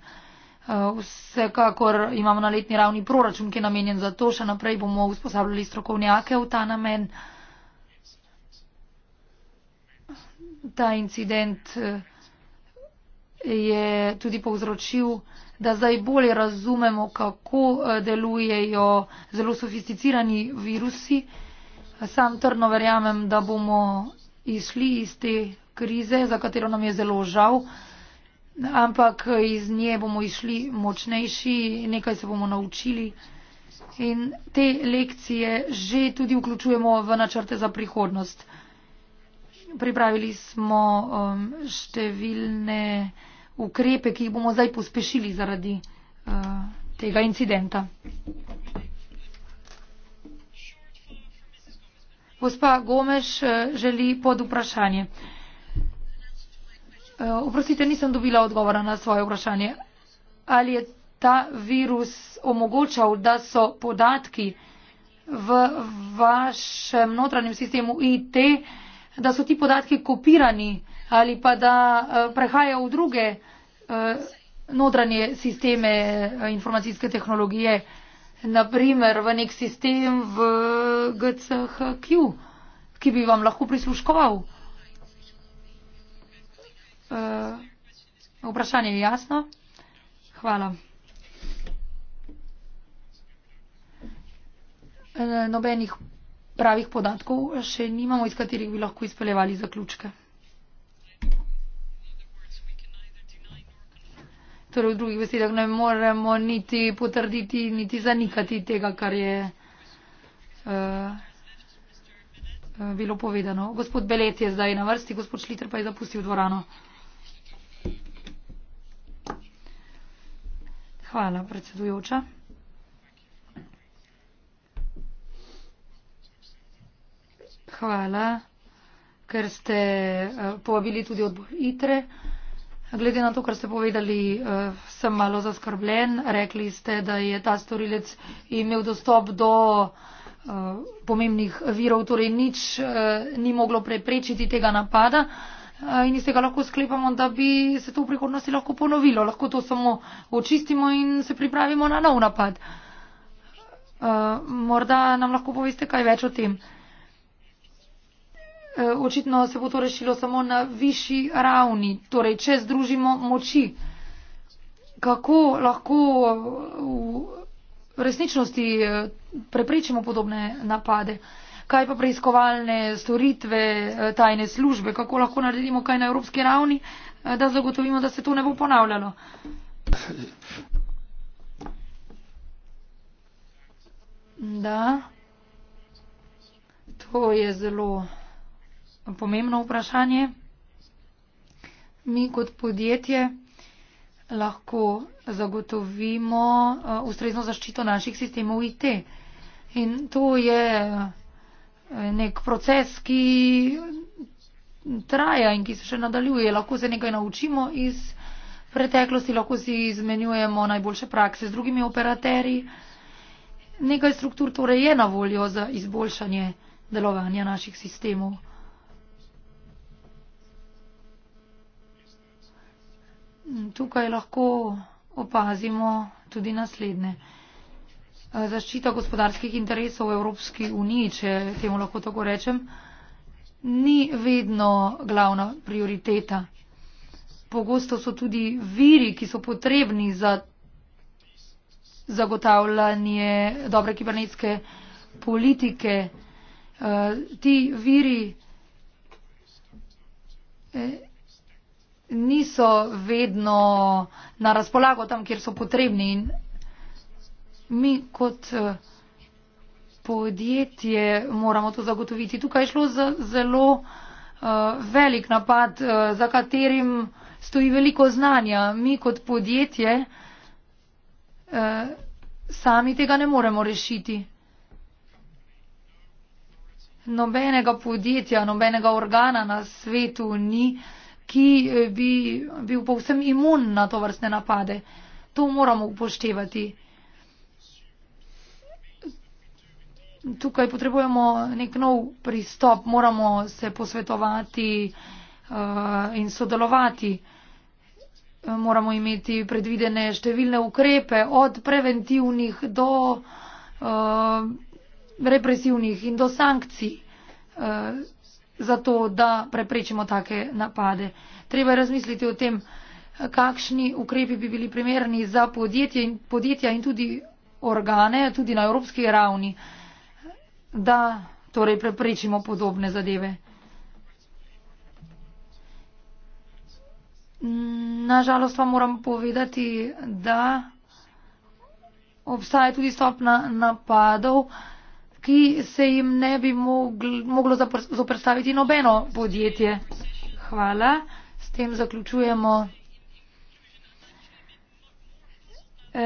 vsekakor imamo na letni ravni proračun, ki je namenjen za to, še naprej bomo usposabljali strokovnjake v ta namen. ta incident eh, je tudi povzročil, da zdaj bolje razumemo, kako eh, delujejo zelo sofisticirani virusi. Sam trdno verjamem, da bomo izšli iz te krize, za katero nam je zelo žal, ampak iz nje bomo išli močnejši, nekaj se bomo naučili in te lekcije že tudi vključujemo v načrte za prihodnost pripravili smo um, številne ukrepe, ki jih bomo zdaj pospešili zaradi uh, tega incidenta. Gospa Gomeš uh, želi pod vprašanje. Uh, oprostite, nisem dobila odgovora na svoje vprašanje. Ali je ta virus omogočal, da so podatki v vašem notranjem sistemu IT uh, da so ti podatki kopirani ali pa da eh, prehajajo v druge eh, notranje sisteme eh, informacijske tehnologije, naprimer v nek sistem v GCHQ, ki bi vam lahko prisluškoval. Vprašanje je jasno. Hvala. Nobenih pravih podatkov še nimamo, iz katerih bi lahko izpeljevali zaključke. Torej v drugih besedah ne moremo niti potrditi, niti zanikati tega, kar je uh, bilo povedano. Gospod Belet je zdaj na vrsti, gospod Šliter pa je zapustil dvorano. Hvala, predsedujoča. hvala, ker ste eh, povabili tudi odbor ITRE. Glede na to, kar ste povedali, eh, sem malo zaskrbljen. Rekli ste, da je ta storilec imel dostop do eh, pomembnih virov, torej nič ni moglo preprečiti tega napada. In iz tega lahko sklepamo, da bi se to v prihodnosti lahko ponovilo. Lahko to samo očistimo in se pripravimo na nov napad. Morda nam lahko poveste kaj več o tem. Eh, očitno se bo to rešilo samo na višji ravni, torej če združimo moči. Kako lahko eh, v resničnosti eh, preprečimo podobne napade? Kaj pa preiskovalne storitve, tajne službe, kako lahko naredimo kaj na evropski ravni, da zagotovimo, da se to ne bo ponavljalo? Da. To je zelo pomembno vprašanje. Mi kot podjetje lahko zagotovimo uh, ustrezno zaščito naših sistemov IT. In to je uh, nek proces, ki traja in ki se še nadaljuje. Lahko se nekaj naučimo iz preteklosti, lahko si izmenjujemo najboljše prakse z drugimi operaterji. Nekaj struktur torej je na voljo za izboljšanje delovanja naših sistemov. Mm, tukaj lahko opazimo tudi naslednje. Eh, zaščita gospodarskih interesov v Evropski uniji, če temu lahko tako rečem, ni vedno glavna prioriteta. Pogosto so tudi viri, ki so potrebni za zagotavljanje dobre kibernetske politike. Eh, ti viri eh, niso vedno na razpolago tam, kjer so potrebni. In mi kot eh, podjetje moramo to zagotoviti. Tukaj je šlo za zelo eh, velik napad, eh, za katerim stoji veliko znanja. Mi kot podjetje sami tega ne moremo rešiti. Nobenega podjetja, nobenega organa na svetu ni ki eh, bi bil povsem imun na to vrstne napade. To moramo upoštevati. Tukaj potrebujemo nek nov pristop, moramo se posvetovati uh, in sodelovati. Moramo imeti predvidene številne ukrepe, od preventivnih do uh, represivnih in do sankcij. Uh, zato, da preprečimo take napade. Treba je razmisliti o tem, kakšni ukrepi bi bili primerni za podjetje in, podjetja in tudi organe, tudi na evropski ravni, da torej preprečimo podobne zadeve. Nažalost pa moram povedati, da obstaja tudi stopna napadov, ki se jim ne bi mogli, moglo zoprstaviti nobeno podjetje. Hvala. S tem zaključujemo e,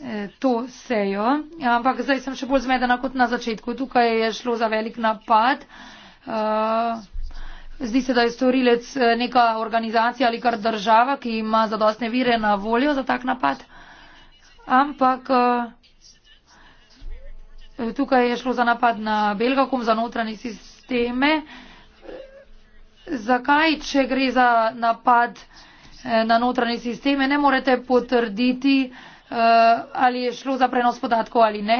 e, to sejo. Ampak zdaj sem še bolj zmedena kot na začetku. Tukaj je šlo za velik napad. E, Zdi se, da je storilec e, neka organizacija ali kar država, ki ima zadostne vire na voljo za tak napad. Ampak. E, Tukaj je šlo za napad na Belgakom, za notranje sisteme. Zakaj, če gre za napad eh, na notranje sisteme, ne morete potrditi, eh, ali je šlo za prenos podatkov ali ne?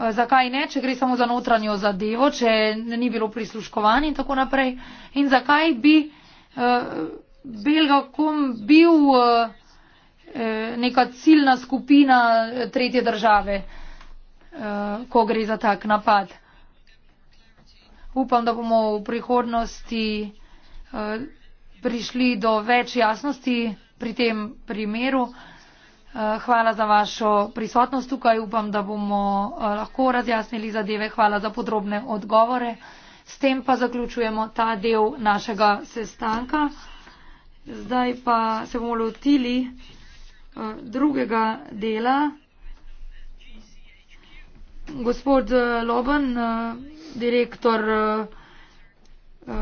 Eh, zakaj ne, če gre samo za notranjo zadevo, če ni bilo prisluškovanje in tako naprej? In zakaj bi Belgakom bil neka ciljna skupina tretje države? Eh, ko gre za tak napad. Upam, da bomo v prihodnosti eh, prišli do več jasnosti pri tem primeru. Eh, hvala za vašo prisotnost tukaj. Upam, da bomo lahko razjasnili zadeve. Hvala za podrobne odgovore. S tem pa zaključujemo ta del našega sestanka. Zdaj pa se bomo lotili drugega dela. Gospod eh, Loben, eh, direktor eh,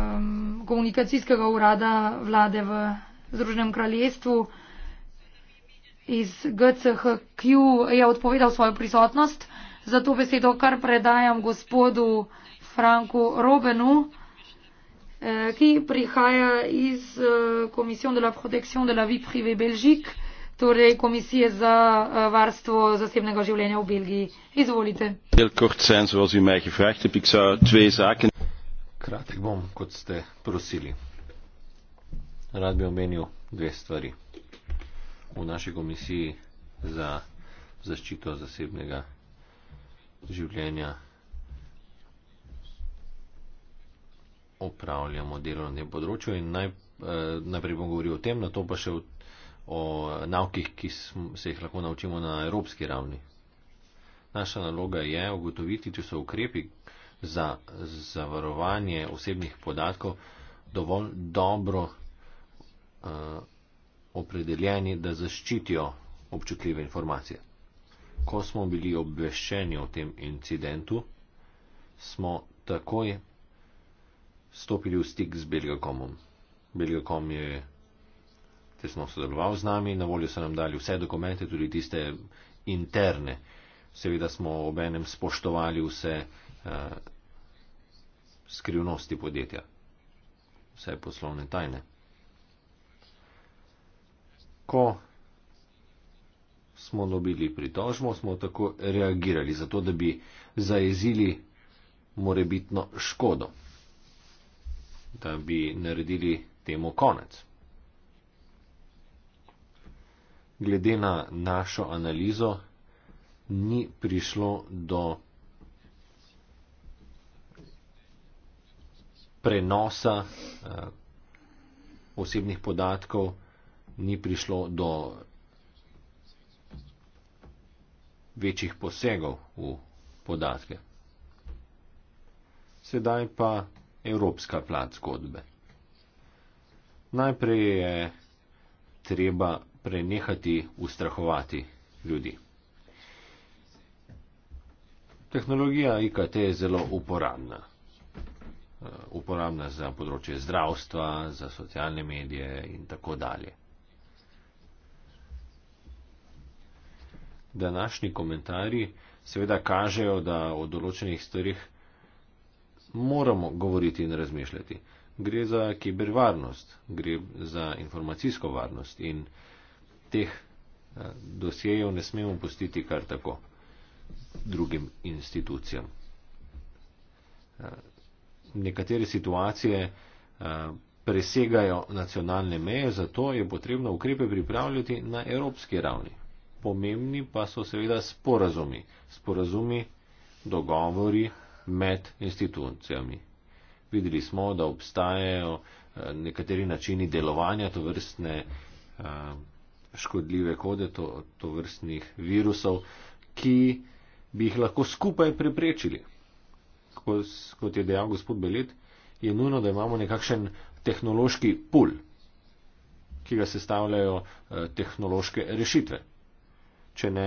komunikacijskega urada vlade v Združenem kraljestvu iz GCHQ je odpovedal svojo prisotnost. Zato besedo kar predajam gospodu Franku Robenu, ki prihaja iz Komisijon de la Protection de la Vie Privée Belgique torej komisije za eh, varstvo zasebnega življenja v Belgiji. Izvolite. Kratek bom, kot ste prosili. Rad bi omenil dve stvari. V naši komisiji za zaščito zasebnega življenja opravljamo delo na tem področju in naj, eh, najprej bom govoril o tem, na to pa še o o naukih, ki se jih lahko naučimo na evropski ravni. Naša naloga je ugotoviti, če so ukrepi za zavarovanje osebnih podatkov dovolj dobro uh, opredeljeni, da zaščitijo občutljive informacije. Ko smo bili obveščeni o tem incidentu, smo takoj stopili v stik z Belgakomom. Belgakom je tesno sodeloval z nami, na voljo so nam dali vse dokumente, tudi tiste interne. Seveda smo ob enem spoštovali vse eh, skrivnosti podjetja, vse poslovne tajne. Ko smo dobili pritožbo, smo tako reagirali, zato da bi zaezili morebitno škodo, da bi naredili temu konec. glede na našo analizo, ni prišlo do prenosa eh, osebnih podatkov, ni prišlo do večjih posegov v podatke. Sedaj pa evropska plat zgodbe. Najprej je treba prenehati ustrahovati ljudi. Tehnologija IKT je zelo uporabna. Eh, uporabna za področje zdravstva, za socialne medije in tako dalje. Današnji komentarji seveda kažejo, da o določenih stvarih moramo govoriti in razmišljati. Gre za kibervarnost, gre za informacijsko varnost in teh eh, dosjejev ne smemo pustiti kar tako drugim institucijam. Eh, nekatere situacije eh, presegajo nacionalne meje, zato je potrebno ukrepe pripravljati na evropski ravni. Pomembni pa so seveda sporazumi, sporazumi, dogovori med institucijami. Videli smo, da obstajajo nekateri načini delovanja to vrstne škodljive kode to, to vrstnih virusov, ki bi jih lahko skupaj preprečili. Kot, kot je dejal gospod Belet, je nujno, da imamo nekakšen tehnološki pul, ki ga sestavljajo eh, tehnološke rešitve. Če ne,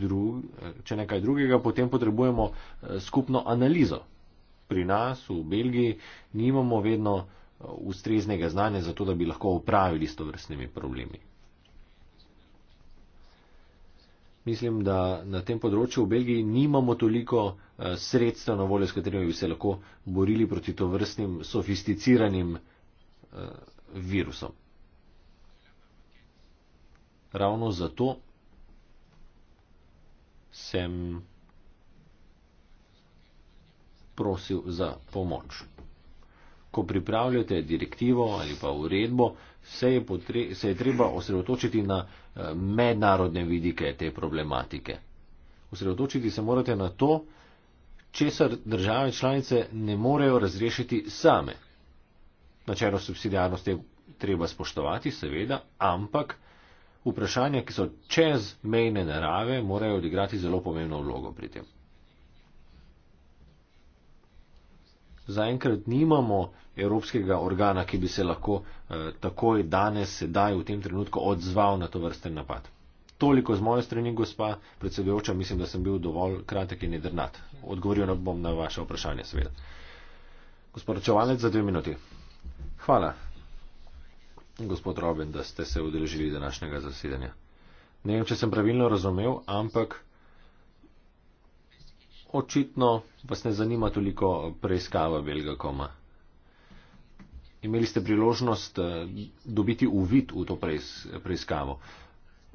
drug, eh, če ne kaj drugega, potem potrebujemo eh, skupno analizo. Pri nas v Belgiji nimamo vedno eh, ustreznega znanja za to, da bi lahko upravili s to vrstnimi problemi. Mislim, da na tem področju v Belgiji nimamo toliko eh, sredstev na voljo, s katerimi bi se lahko borili proti to vrstnim sofisticiranim eh, virusom. Ravno zato sem prosil za pomoč ko pripravljate direktivo ali pa uredbo, se je, potre, se je treba osredotočiti na eh, mednarodne vidike te problematike. Osredotočiti se morate na to, česar države članice ne morejo razrešiti same. Načelo subsidijarnosti je treba spoštovati, seveda, ampak vprašanja, ki so čez mejne narave, morajo odigrati zelo pomembno vlogo pri tem. zaenkrat nimamo evropskega organa, ki bi se lahko eh, takoj danes, sedaj, v tem trenutku odzval na to vrsten napad. Toliko z moje strani, gospa predsedujoča, mislim, da sem bil dovolj kratek in jedrnat. Odgovoril bom na vaše vprašanje, seveda. Gospod Račevalec, za dve minuti. Hvala, gospod Robin, da ste se udeležili današnjega zasedanja. Ne vem, če sem pravilno razumel, ampak očitno vas ne zanima toliko preiskava Belgakoma. Imeli ste priložnost eh, dobiti uvid v to preiskavo.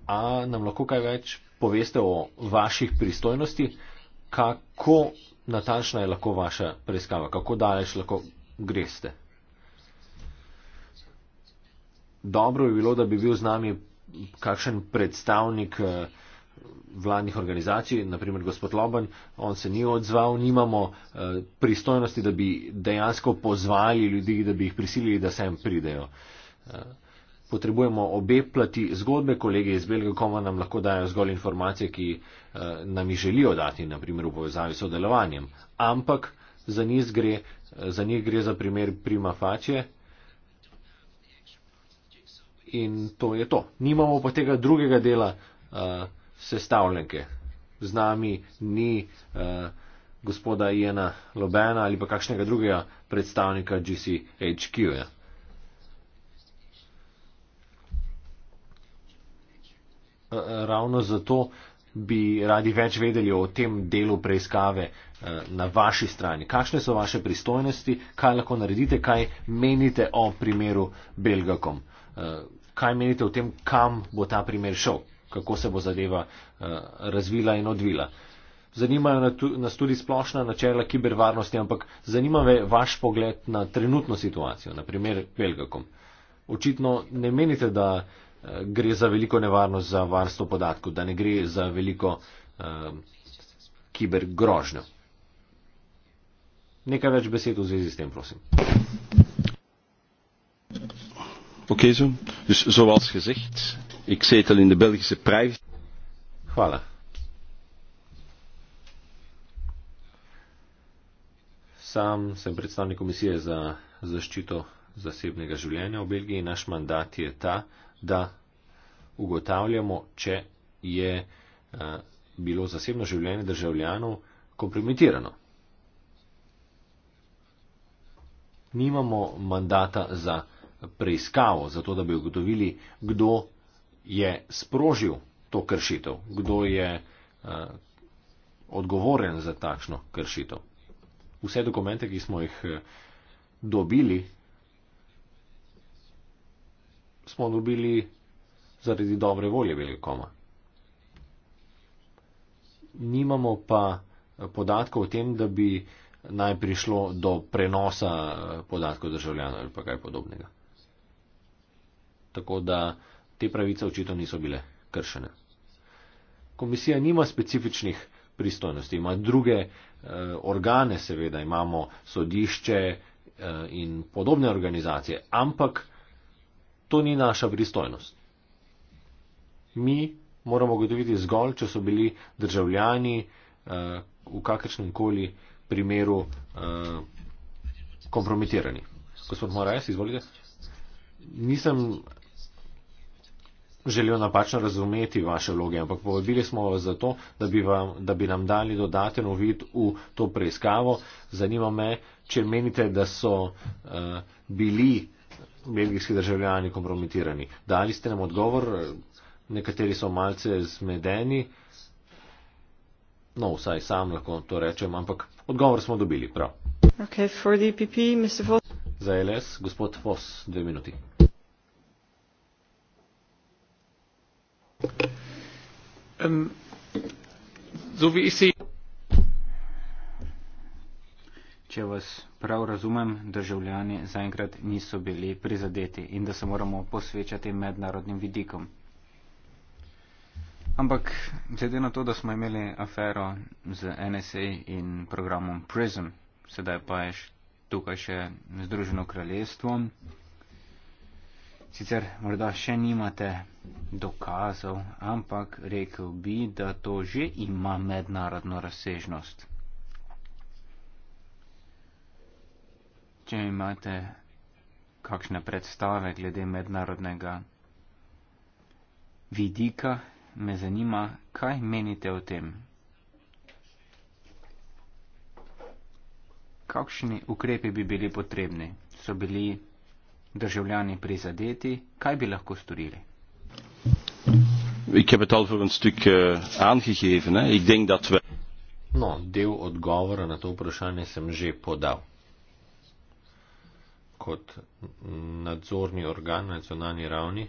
A nam lahko kaj več poveste o vaših pristojnosti, kako natančna je lahko vaša preiskava, kako daleč lahko greste? Dobro bi bilo, da bi bil z nami kakšen predstavnik eh, vladnih organizacij, naprimer gospod Loban, on se ni odzval, nimamo eh, pristojnosti, da bi dejansko pozvali ljudi, da bi jih prisilili, da sem pridejo. Eh, potrebujemo obe plati zgodbe, kolege iz Belga Koma nam lahko dajo zgolj informacije, ki eh, nam jih želijo dati, naprimer v povezavi s sodelovanjem. Ampak za njih gre za, njih gre za primer prima facie. In to je to. Nimamo pa tega drugega dela. Uh, sestavljenke. Z nami ni eh, gospoda Jena Lobena ali pa kakšnega drugega predstavnika GCHQ. -ja. Eh, ravno zato bi radi več vedeli o tem delu preiskave eh, na vaši strani. Kakšne so vaše pristojnosti, kaj lahko naredite, kaj menite o primeru Belgakom? Eh, kaj menite o tem, kam bo ta primer šel? kako se bo zadeva eh, razvila in odvila. Zanimajo nas tudi splošna načela kibervarnosti, ampak zanima me vaš pogled na trenutno situacijo, naprimer Pelgakom. Očitno ne menite, da eh, gre za veliko nevarnost za varstvo podatkov, da ne gre za veliko uh, kibergrožnjo. Nekaj več besed v zvezi s tem, prosim. Okay, so. Zoals gezegd, Ik zetel in de Belgische prijs. Voilà. Sam sem predstavnik Komisije za zaščito zasebnega življenja v Belgiji. Naš mandat je ta, da ugotavljamo, če je a, eh, bilo zasebno življenje državljanov kompromitirano. Nimamo mandata za preiskavo, zato da bi ugotovili, kdo je sprožil to kršitev, kdo je eh, odgovoren za takšno kršitev. Vse dokumente, ki smo jih eh, dobili, smo dobili zaradi dobre volje velikoma. Nimamo pa eh, podatkov o tem, da bi naj prišlo do prenosa podatkov državljanov ali pa kaj podobnega. Tako da uh, te pravice očitno niso bile kršene. Komisija nima specifičnih pristojnosti, ima druge eh, organe, seveda imamo sodišče eh, in podobne organizacije, ampak to ni naša pristojnost. Mi moramo gotoviti zgolj, če so bili državljani eh, v kakršnem koli primeru eh, kompromitirani. Gospod Morajes, izvolite. Nisem želel napačno razumeti vaše vloge, ampak povabili smo vas za to, da bi, vam, da bi nam dali dodaten uvid v to preiskavo. Zanima me, če menite, da so uh, bili belgijski državljani kompromitirani. Dali ste nam odgovor, eh, nekateri so malce zmedeni. No, vsaj sam lahko to rečem, ampak odgovor smo dobili prav. Okay, DPP, e Za LS, gospod Vos, dve minuti. Ähm, so wie ich sie Če vas prav razumem, državljani zaenkrat niso bili prizadeti in da se moramo posvečati mednarodnim vidikom. Ampak glede na to, da smo imeli afero z NSA in programom PRISM, sedaj pa je tukaj še Združeno kraljestvo, sicer morda še nimate dokazov, ampak rekel bi, da to že ima mednarodno razsežnost. Če imate kakšne predstave glede mednarodnega vidika, me zanima, kaj menite o tem. Kakšni ukrepi bi bili potrebni? So bili državljani prizadeti, kaj bi lahko storili? Ik heb het al voor een stuk uh, aangegeven. Hè. Ik denk dat we. No, deel odgovora na to vprašanje sem že podal. Kot nadzorni organ na nacionalni ravni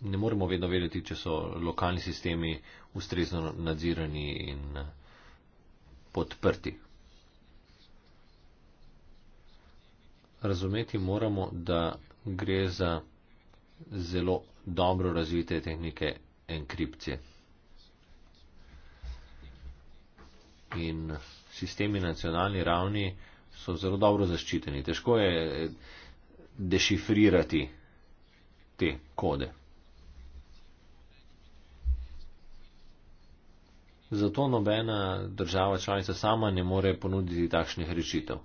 ne moremo vedno vedeti, če so lokalni sistemi ustrezno nadzirani in. Uh, podprti. Razumeti moramo, da gre za zelo dobro razvite tehnike enkripcije. In sistemi na nacionalni ravni so zelo dobro zaščiteni. Težko je dešifrirati te kode. zato nobena država članica sama ne more ponuditi takšnih rešitev.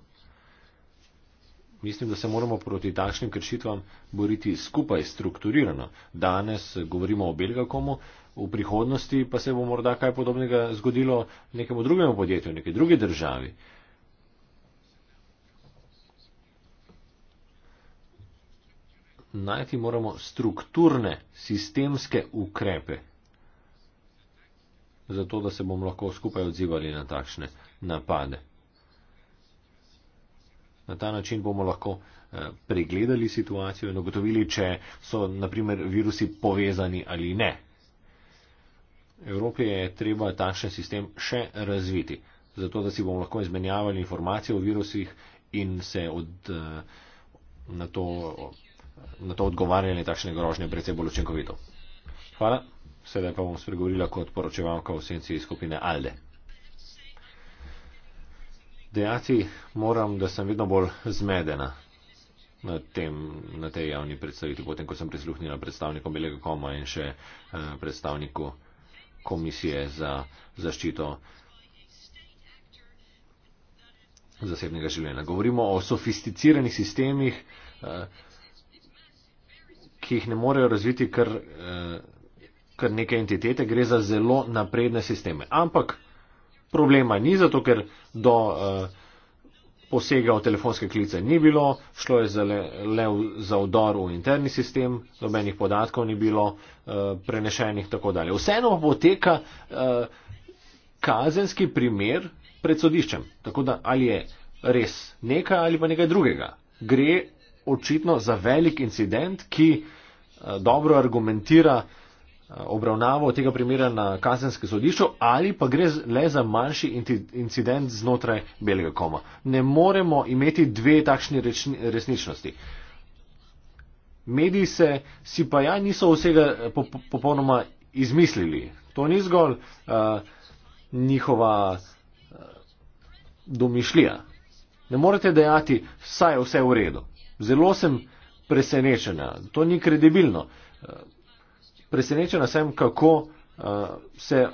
Mislim, da se moramo proti takšnim kršitvam boriti skupaj, strukturirano. Danes govorimo o Belgakomu, v prihodnosti pa se bo morda kaj podobnega zgodilo nekemu drugemu podjetju, neki drugi državi. Najti moramo strukturne, sistemske ukrepe zato da se bomo lahko skupaj odzivali na takšne napade. Na ta način bomo lahko eh, pregledali situacijo in ugotovili, če so naprimer virusi povezani ali ne. Evropi je treba takšen sistem še razviti, zato da si bomo lahko izmenjavali informacije o virusih in se od, eh, na, to, na to odgovarjanje takšne grožnje precej bolj učinkovito. Hvala. Sedaj pa bom spregovorila kot poročevalka v senci skupine Alde. Dejati moram, da sem vedno bolj zmedena na, tem, na tej javni predstavitvi, potem ko sem prisluhnila predstavnikom Belega Koma in še eh, predstavniku Komisije za zaščito zasebnega življenja. Govorimo o sofisticiranih sistemih, eh, ki jih ne morejo razviti, ker. Eh, kar neke entitete, gre za zelo napredne sisteme. Ampak problema ni zato, ker do eh, posega v telefonske klice ni bilo, šlo je za le, le za vdor v interni sistem, nobenih podatkov ni bilo eh, prenešenih tako dalje. Vseeno pa poteka eh, kazenski primer pred sodiščem. Tako da ali je res nekaj ali pa nekaj drugega. Gre očitno za velik incident, ki dobro argumentira uh, Eh, obravnavo tega primera na kazenskem sodišču ali pa gre le za manjši incident znotraj belega koma. Ne moremo imeti dve takšni resničnosti. Mediji se si pa ja niso vsega eh, popolnoma izmislili. To ni zgolj uh, njihova uh, domišljija. Ne morete dejati, saj je vse v redu. Zelo sem presenečena. To ni kredibilno. Uh, presenečena sem, kako uh, se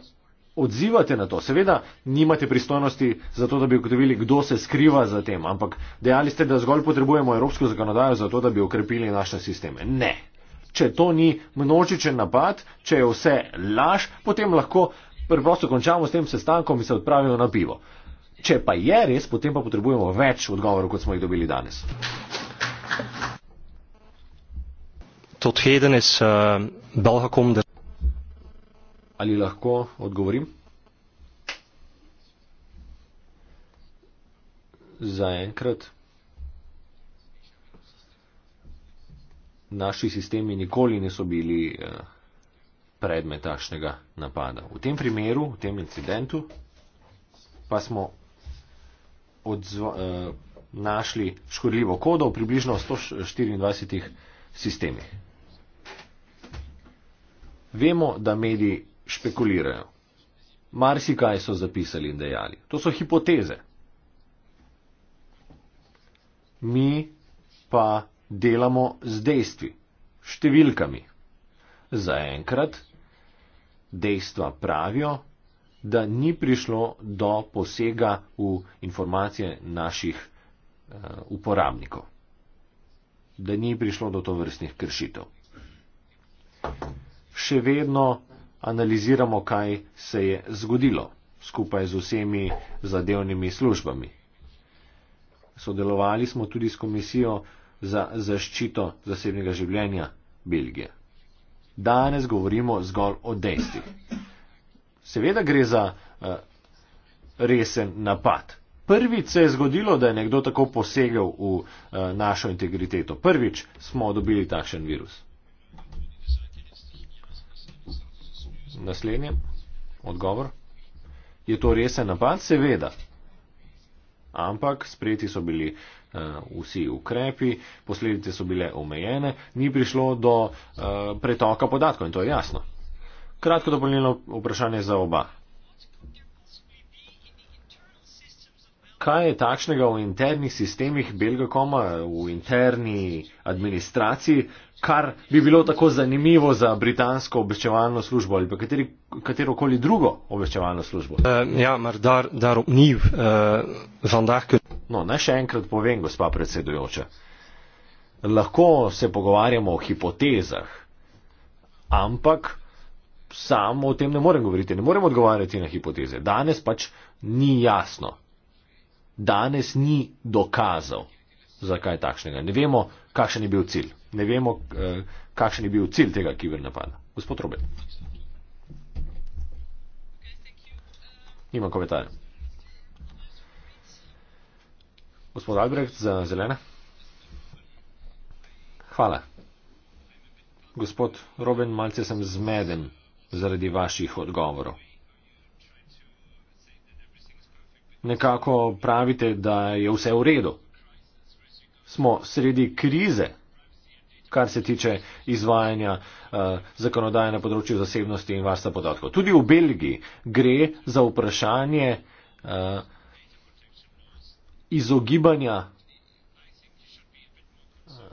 odzivate na to. Seveda, nimate pristojnosti za to, da bi ugotovili, kdo se skriva za tem, ampak dejali ste, da zgolj potrebujemo evropsko zakonodajo za to, da bi okrepili naše sisteme. Ne. Če to ni množičen napad, če je vse laž, potem lahko preprosto končamo s tem sestankom in se odpravimo na pivo. Če pa je res, potem pa potrebujemo več odgovorov, kot smo jih dobili danes. Thank you tot heden is uh, eh, Belgacom de. Ali lahko odgovorim? Zaenkrat. Naši sistemi nikoli niso bili eh, predmet takšnega napada. V tem primeru, v tem incidentu, pa smo odzva, eh, našli škodljivo kodo v približno 124 sistemih. Vemo, da mediji špekulirajo. Marsikaj so zapisali in dejali. To so hipoteze. Mi pa delamo z dejstvi, številkami. Zaenkrat dejstva pravijo, da ni prišlo do posega v informacije naših uh, uporabnikov, da ni prišlo do tovrstnih kršitev še vedno analiziramo, kaj se je zgodilo skupaj z vsemi zadevnimi službami. Sodelovali smo tudi s Komisijo za zaščito zasebnega življenja Belgije. Danes govorimo zgolj o dejstvih. Seveda gre za uh, resen napad. Prvič se je zgodilo, da je nekdo tako posegel v uh, našo integriteto. Prvič smo dobili takšen virus. naslednje, odgovor. Je to resen napad? Seveda. Ampak sprejeti so bili uh, vsi ukrepi, posledice so bile omejene, ni prišlo do uh, pretoka podatkov in to je jasno. Kratko dopolnilno vprašanje za oba. kaj je takšnega v internih sistemih Belgakoma, v interni administraciji, kar bi bilo tako zanimivo za britansko obveščevalno službo ali pa kateri, katero koli drugo obveščevalno službo? Eh, ja, mar dar, dar obniv, eh, vandah, ker. No, naj še enkrat povem, gospa predsedujoča. Lahko se pogovarjamo o hipotezah, ampak samo o tem ne morem govoriti, ne morem odgovarjati na hipoteze. Danes pač ni jasno danes ni dokazal, zakaj takšnega. Ne vemo, kakšen je bil cilj. Ne vemo, eh, kakšen je bil cilj tega kibernapada. Gospod Robert. Nima komentarja. Gospod Albrecht za zelena. Hvala. Gospod Roben, malce sem zmeden zaradi vaših odgovorov. nekako pravite, da je vse v redu. Smo sredi krize, kar se tiče izvajanja uh, zakonodaje na področju zasebnosti in varstva podatkov. Tudi v Belgiji gre za vprašanje uh, izogibanja eh,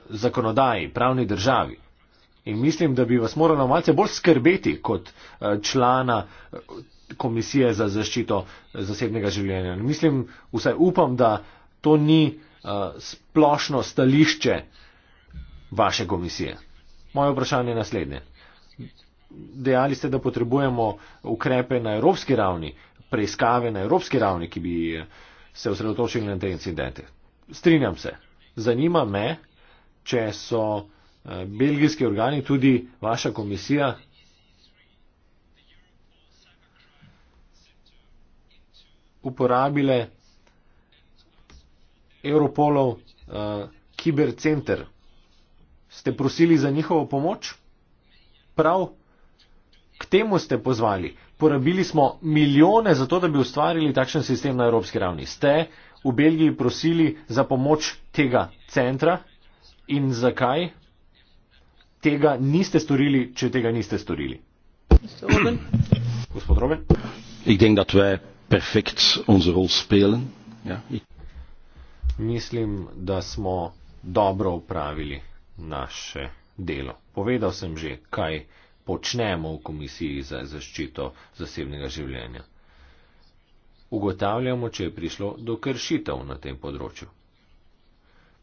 zakonodaji, pravni državi. In mislim, da bi vas moralo malce bolj skrbeti kot člana komisije za zaščito eh, zasebnega življenja. Mislim, vsaj upam, da to ni uh, splošno stališče vaše komisije. Moje vprašanje je naslednje. Dejali ste, da potrebujemo ukrepe na evropski ravni, preiskave na evropski ravni, ki bi eh, se osredotočili na te incidente. Strinjam se. Zanima me, če so belgijski organi, tudi vaša komisija, uporabile Europolov uh, kibercenter. Ste prosili za njihovo pomoč? Prav k temu ste pozvali. Porabili smo milijone za to, da bi ustvarili takšen sistem na evropski ravni. Ste v Belgiji prosili za pomoč tega centra in zakaj tega niste storili, če tega niste storili? Gospod Roben. Ik denk dat wij perfect onze rol spelen. Ja, ik... Mislim, da smo dobro upravili naše delo. Povedal sem že, kaj počnemo v Komisiji za zaščito zasebnega življenja. Ugotavljamo, če je prišlo do kršitev na tem področju.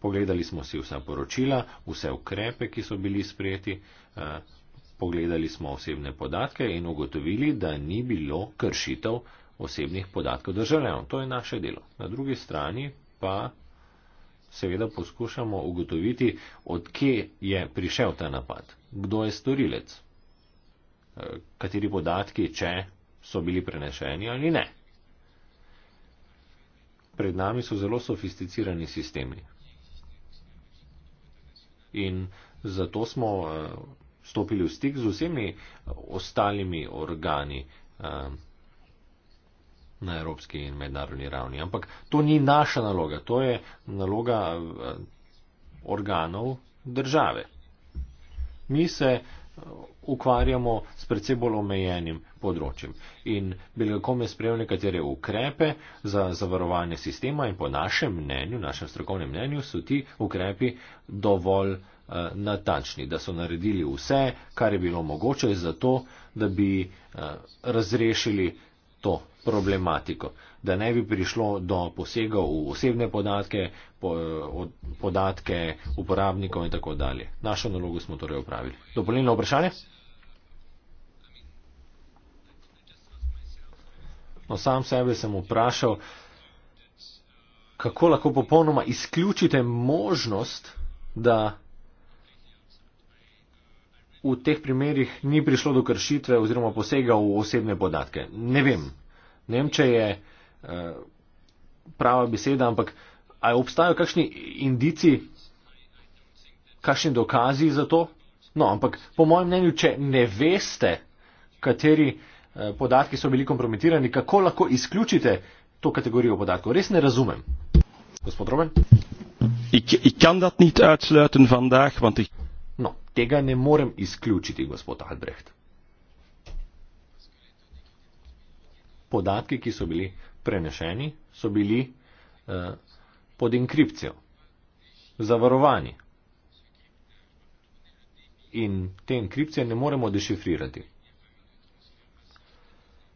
Pogledali smo si vsa poročila, vse ukrepe, ki so bili sprejeti, eh, pogledali smo osebne podatke in ugotovili, da ni bilo kršitev osebnih podatkov državljanov. To je naše delo. Na drugi strani pa seveda poskušamo ugotoviti, odkje je prišel ta napad, kdo je storilec, e, kateri podatki, če so bili prenešeni ali ne. Pred nami so zelo sofisticirani sistemi. In zato smo e, stopili v stik z vsemi e, ostalimi organi na evropski in mednarodni ravni. Ampak to ni naša naloga, to je naloga eh, organov države. Mi se eh, ukvarjamo s predvsej bolj omejenim področjem in Belgakom je sprejel nekatere ukrepe za zavarovanje sistema in po našem mnenju, našem strokovnem mnenju, so ti ukrepi dovolj eh, natančni, da so naredili vse, kar je bilo mogoče za to, da bi razrešili to problematiko, da ne bi prišlo do posega v osebne podatke, po, eh, podatke uporabnikov in tako dalje. Našo nalogo smo torej upravili. Dopolnilno vprašanje? No, sam sebe sem vprašal, kako lahko popolnoma izključite možnost, da v teh primerjih ni prišlo do kršitve oziroma posega v osebne podatke. Ne vem. Nemče je eh, prava beseda, ampak ali obstajajo kakšni indici, kakšni dokazi za to? No, ampak po mojem mnenju, če ne veste, kateri eh, podatki so bili kompromitirani, kako lahko izključite to kategorijo podatkov? Res ne razumem. Gospod Roben? Ik, ik kan dat niet uitsluiten vandaag, want ik... Tega ne morem izključiti, gospod Albrecht. Podatki, ki so bili prenešeni, so bili eh, pod inkripcijo, zavarovani. In te inkripcije ne moremo dešifrirati.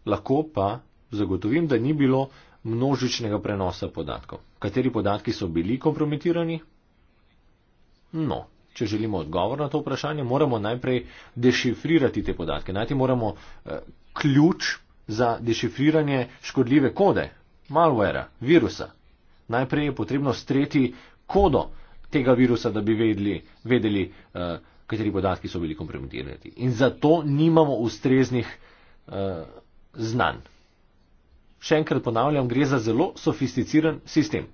Lahko pa zagotovim, da ni bilo množičnega prenosa podatkov. Kateri podatki so bili kompromitirani? No, če želimo odgovor na to vprašanje, moramo najprej dešifrirati te podatke. Najti moramo eh, ključ za dešifriranje škodljive kode, malwarea, virusa. Najprej je potrebno streti kodo tega virusa, da bi vedeli, vedeli eh, kateri podatki so bili kompromitirani. In zato nimamo ustreznih eh, znanj. Še enkrat ponavljam, gre za zelo sofisticiran sistem.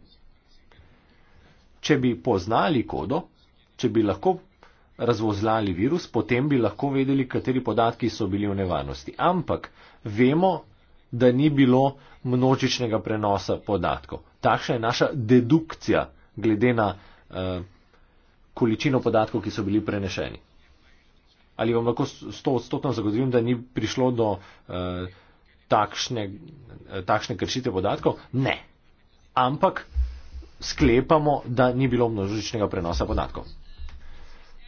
Če bi poznali kodo, če bi lahko razvozlali virus, potem bi lahko vedeli, kateri podatki so bili v nevarnosti. Ampak vemo, da ni bilo množičnega prenosa podatkov. Takšna je naša dedukcija glede na uh, količino podatkov, ki so bili prenešeni. Ali vam lahko sto odstotno zagotovim, da ni prišlo do uh, takšne, uh, takšne kršitve podatkov? Ne. Ampak sklepamo, da ni bilo množičnega prenosa podatkov.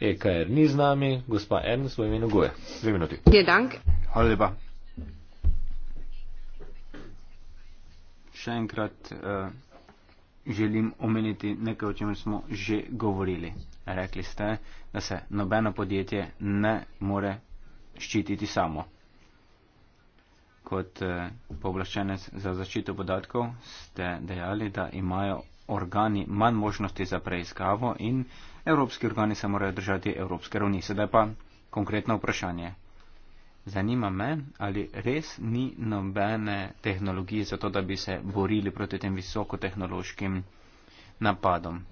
EKR ni z nami, gospa N svoj imenu Goje. Dve minuti. Je dank. Hvala lepa. Še enkrat uh, želim omeniti nekaj, o čem smo že govorili. Rekli ste, da se nobeno podjetje ne more ščititi samo. Kot uh, eh, povlaščenec za zaščito podatkov ste dejali, da imajo organi manj možnosti za preiskavo in evropski organi se morajo držati evropske ravni. Sedaj pa konkretno vprašanje. Zanima me, ali res ni nobene tehnologije za to, da bi se borili proti tem visokotehnološkim napadom.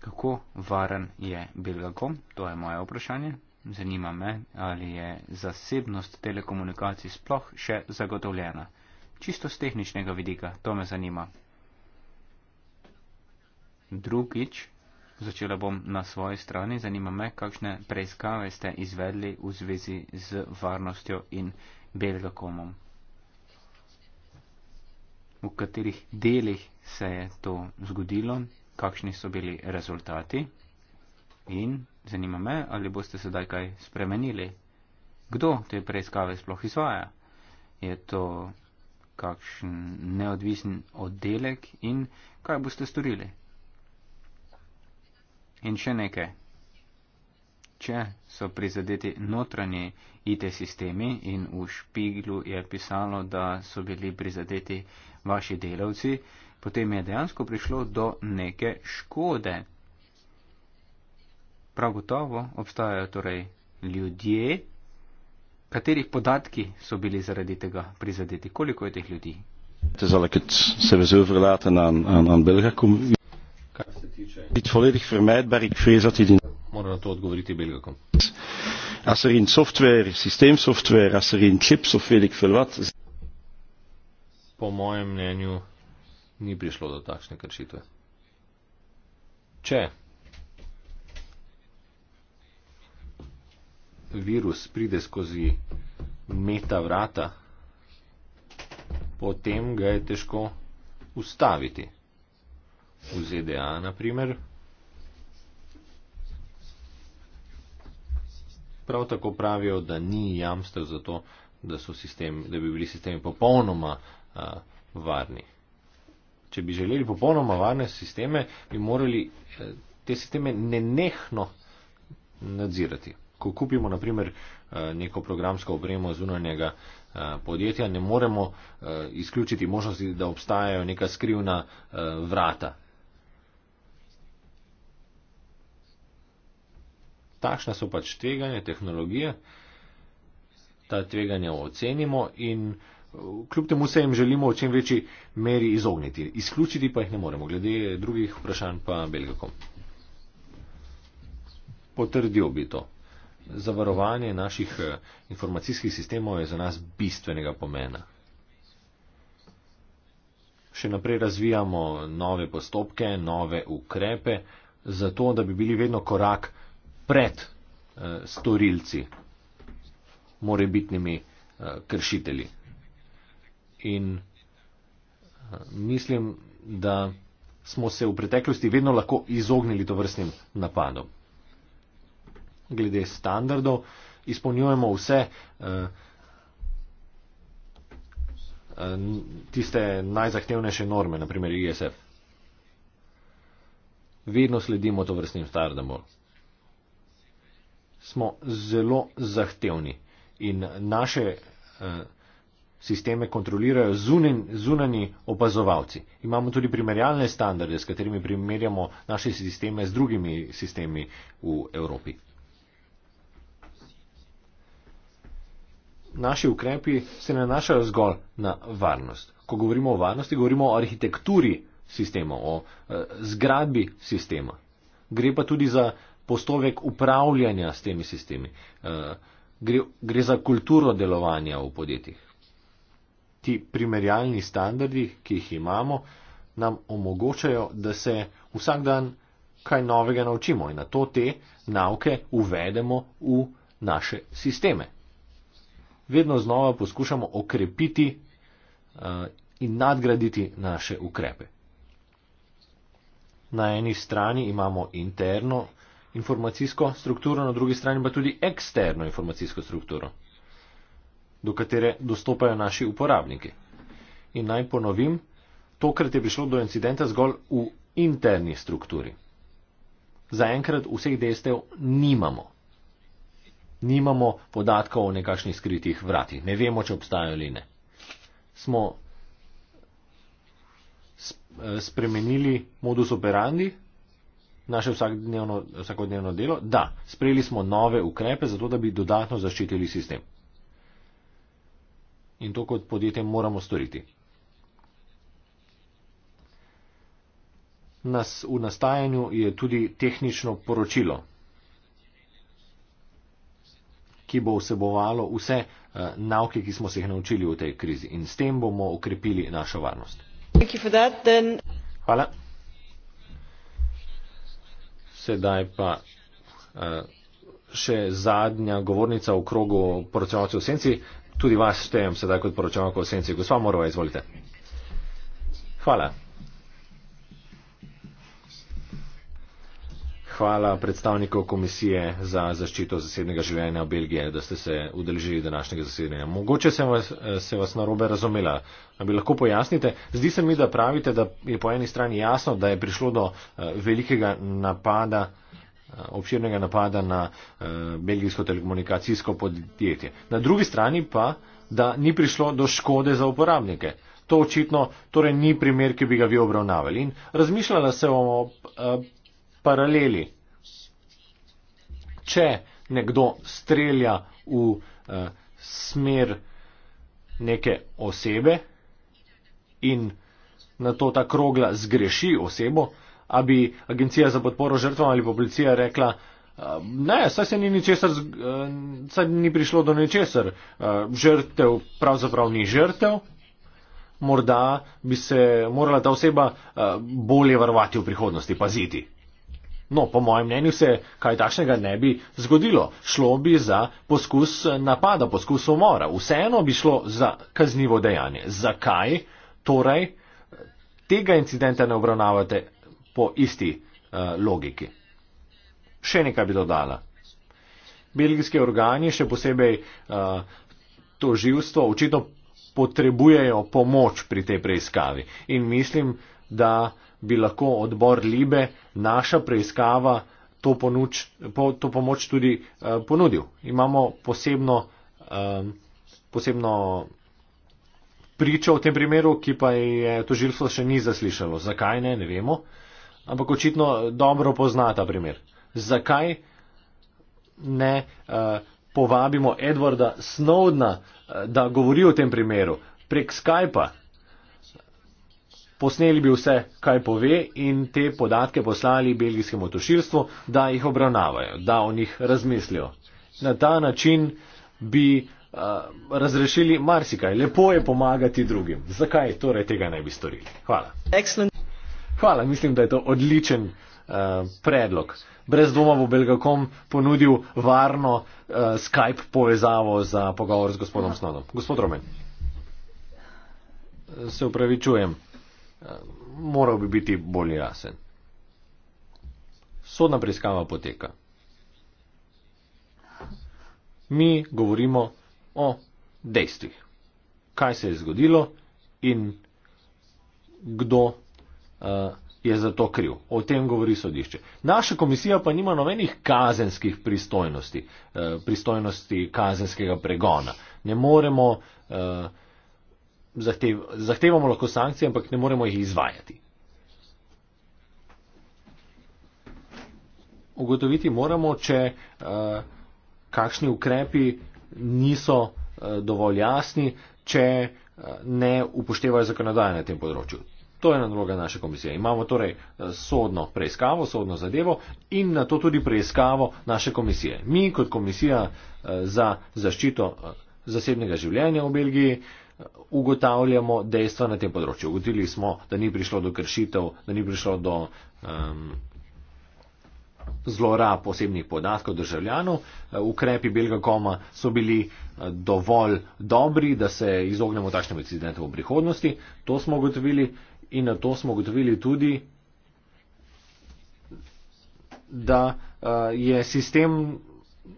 Kako varen je Belgakom? To je moje vprašanje. Zanima me, ali je zasebnost telekomunikacij sploh še zagotovljena. Čisto z tehničnega vidika, to me zanima. Drugič, začela bom na svoji strani, zanima me, kakšne preiskave ste izvedli v zvezi z varnostjo in Belgakomom. V katerih delih se je to zgodilo, kakšni so bili rezultati in zanima me, ali boste sedaj kaj spremenili. Kdo te preiskave sploh izvaja? Je to kakšen neodvisen oddelek in kaj boste storili? In še nekaj. Če so prizadeti notranji IT sistemi in v špiglu je pisalo, da so bili prizadeti vaši delavci, potem je dejansko prišlo do neke škode. Prav gotovo obstajajo torej ljudje, katerih podatki so bili zaradi tega prizadeti. Koliko je teh ljudi? To je zelo, kot se je zelo vrlata na Belgijo niet volledig vermijdbaar. Ik vrees dat dit in. Als er in software, systeemsoftware, als er in chips of weet ik veel wat. Po mojem mnenju ni prišlo do takšne kršitve. Če virus pride skozi meta vrata, potem ga je težko ustaviti v ZDA naprimer. Prav tako pravijo, da ni jamstev za to, da, sistemi, da bi bili sistemi popolnoma a, varni. Če bi želeli popolnoma varne sisteme, bi morali te sisteme nenehno nadzirati. Ko kupimo naprimer neko programsko opremo zunanjega podjetja, ne moremo izključiti možnosti, da obstajajo neka skrivna vrata, takšna so pač tveganja tehnologije, ta tveganja ocenimo in eh, kljub temu se jim želimo v čim večji meri izogniti. Izključiti pa jih ne moremo, glede drugih vprašanj pa Belgikom. Potrdil bi to. Zavarovanje naših eh, informacijskih sistemov je za nas bistvenega pomena. Še naprej razvijamo nove postopke, nove ukrepe, zato da bi bili vedno korak naprej pred eh, storilci, morebitnimi eh, kršitelji. In eh, mislim, da smo se v preteklosti vedno lahko izognili to vrstnim napadom. Glede standardov, izpolnjujemo vse eh, eh tiste najzahtevnejše norme, naprimer ISF. Vedno sledimo to vrstnim standardom smo zelo zahtevni in naše eh, sisteme kontrolirajo zunani opazovalci. Imamo tudi primerjalne standarde, s katerimi primerjamo naše sisteme z drugimi sistemi v Evropi. Naši ukrepi se nanašajo zgolj na varnost. Ko govorimo o varnosti, govorimo o arhitekturi sistema, o eh, zgradbi sistema. Gre pa tudi za postopek upravljanja s temi sistemi. Eh, gre, gre za kulturo delovanja v podjetjih. Ti primerjalni standardi, ki jih imamo, nam omogočajo, da se vsak dan kaj novega naučimo in na to te nauke uvedemo v naše sisteme. Vedno znova poskušamo okrepiti uh, in nadgraditi naše ukrepe. Na eni strani imamo interno informacijsko strukturo, na drugi strani pa tudi eksterno informacijsko strukturo, do katere dostopajo naši uporabniki. In naj ponovim, tokrat je prišlo do incidenta zgolj v interni strukturi. Zaenkrat vseh dejstev nimamo. Nimamo podatkov o nekakšnih skritih vratih. Ne vemo, če obstajajo ali ne. Smo eh, spremenili modus operandi, naše vsakdnevno, vsakodnevno delo? Da, sprejeli smo nove ukrepe, zato da bi dodatno zaščitili sistem. In to kot podjetje moramo storiti. Nas v nastajanju je tudi tehnično poročilo, ki bo vsebovalo vse uh, nauke, ki smo se jih naučili v tej krizi. In s tem bomo ukrepili našo varnost. Hvala. Sedaj pa eh, še zadnja govornica v krogu poročevalcev v senci. Tudi vas štejem sedaj kot poročevalka v senci. Gospa Morova, izvolite. Hvala. Hvala predstavnikov komisije za zaščito zasebnega življenja v Belgiji, da ste se udeležili današnjega zasedanja. Mogoče sem vas, eh, se vas narobe razumela. Bi lahko pojasnite? Zdi se mi, da pravite, da je po eni strani jasno, da je prišlo do eh, velikega napada, eh, obširnega napada na belgijsko telekomunikacijsko podjetje. Na drugi strani pa, da ni prišlo do škode za uporabnike. To očitno torej ni primer, ki bi ga vi obravnavali. In razmišljala se o paraleli. Če nekdo strelja v eh, smer neke osebe in na to ta krogla zgreši osebo, a bi agencija za podporo žrtvam ali pa policija rekla, eh, Ne, saj se ni ničesar, eh, saj ni prišlo do ničesar. Eh, žrtev pravzaprav ni žrtev. Morda bi se morala ta oseba bolje varovati v prihodnosti, paziti. No, po mojem mnenju se kaj takšnega ne bi zgodilo. Šlo bi za poskus napada, poskus umora. Vseeno bi šlo za kaznivo dejanje. Zakaj torej tega incidenta ne obravnavate po isti uh, logiki? Še nekaj bi dodala. Belgijski organi, še posebej uh, eh, to živstvo, očitno potrebujejo pomoč pri tej preiskavi. In mislim, da. Uh, bi lahko odbor Libe, naša preiskava, to, ponuč, po, to pomoč tudi eh, ponudil. Imamo posebno, eh, posebno pričo v tem primeru, ki pa je tožilstvo še ni zaslišalo. Zakaj ne, ne vemo. Ampak očitno dobro pozna ta primer. Zakaj ne eh, povabimo Edwarda Snowdna, eh, da govori o tem primeru prek Skypa? posneli bi vse, kaj pove in te podatke poslali belgijskemu tošilstvu, da jih obravnavajo, da o njih razmislijo. Na ta način bi uh, razrešili marsikaj. Lepo je pomagati drugim. Zakaj torej tega ne bi storili? Hvala. Excellent. Hvala, mislim, da je to odličen uh, predlog. Brez dvoma bo Belgakom ponudil varno uh, Skype povezavo za pogovor z gospodom Snodom. Gospod Romen. Se upravičujem moral bi biti bolj jasen. Sodna preiskava poteka. Mi govorimo o dejstvih, kaj se je zgodilo in kdo uh, je za to kriv. O tem govori sodišče. Naša komisija pa nima nobenih kazenskih pristojnosti, uh, pristojnosti kazenskega pregona. Ne moremo. Uh, zahtev, zahtevamo lahko sankcije, ampak ne moremo jih izvajati. Ugotoviti moramo, če uh, kakšni ukrepi niso uh, dovolj jasni, če uh, ne upoštevajo zakonodaje na tem področju. To je naloga naše komisije. Imamo torej sodno preiskavo, sodno zadevo in na to tudi preiskavo naše komisije. Mi kot komisija za zaščito zasebnega življenja v Belgiji uh, ugotavljamo dejstva na tem področju. Ugotili smo, da ni prišlo do kršitev, da ni prišlo do um, zlora posebnih podatkov državljanov. Eh, ukrepi Belga Koma so bili eh, dovolj dobri, da se izognemo takšnemu incidentu v prihodnosti. To smo ugotovili in na to smo ugotovili tudi, da uh, je sistem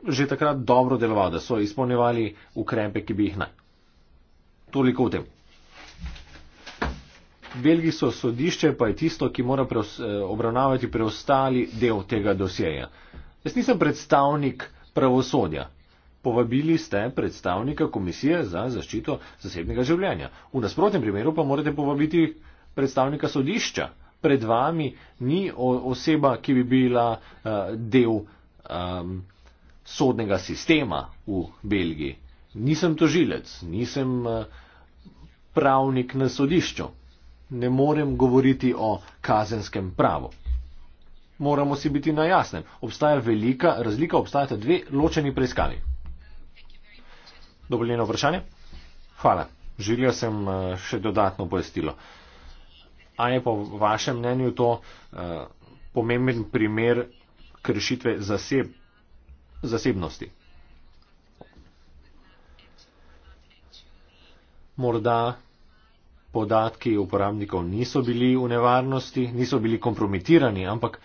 že takrat dobro deloval, da so izpolnjevali ukrepe, ki bi jih naj toliko v tem. Belgijsko sodišče pa je tisto, ki mora preos, eh, obravnavati preostali del tega dosjeja. Jaz nisem predstavnik pravosodja. Povabili ste predstavnika Komisije za zaščito zasebnega življenja. V nasprotnem primeru pa morate povabiti predstavnika sodišča. Pred vami ni oseba, ki bi bila uh, del um, sodnega sistema v Belgiji nisem tožilec, nisem eh, pravnik na sodišču, ne morem govoriti o kazenskem pravu. Moramo si biti na jasnem. Obstaja velika razlika, obstajata dve ločeni preiskavi. Dovoljeno vprašanje? Hvala. Želel sem eh, še dodatno pojasnilo. A je po vašem mnenju to eh, pomemben primer kršitve zaseb, zasebnosti? morda podatki uporabnikov niso bili v nevarnosti, niso bili kompromitirani, ampak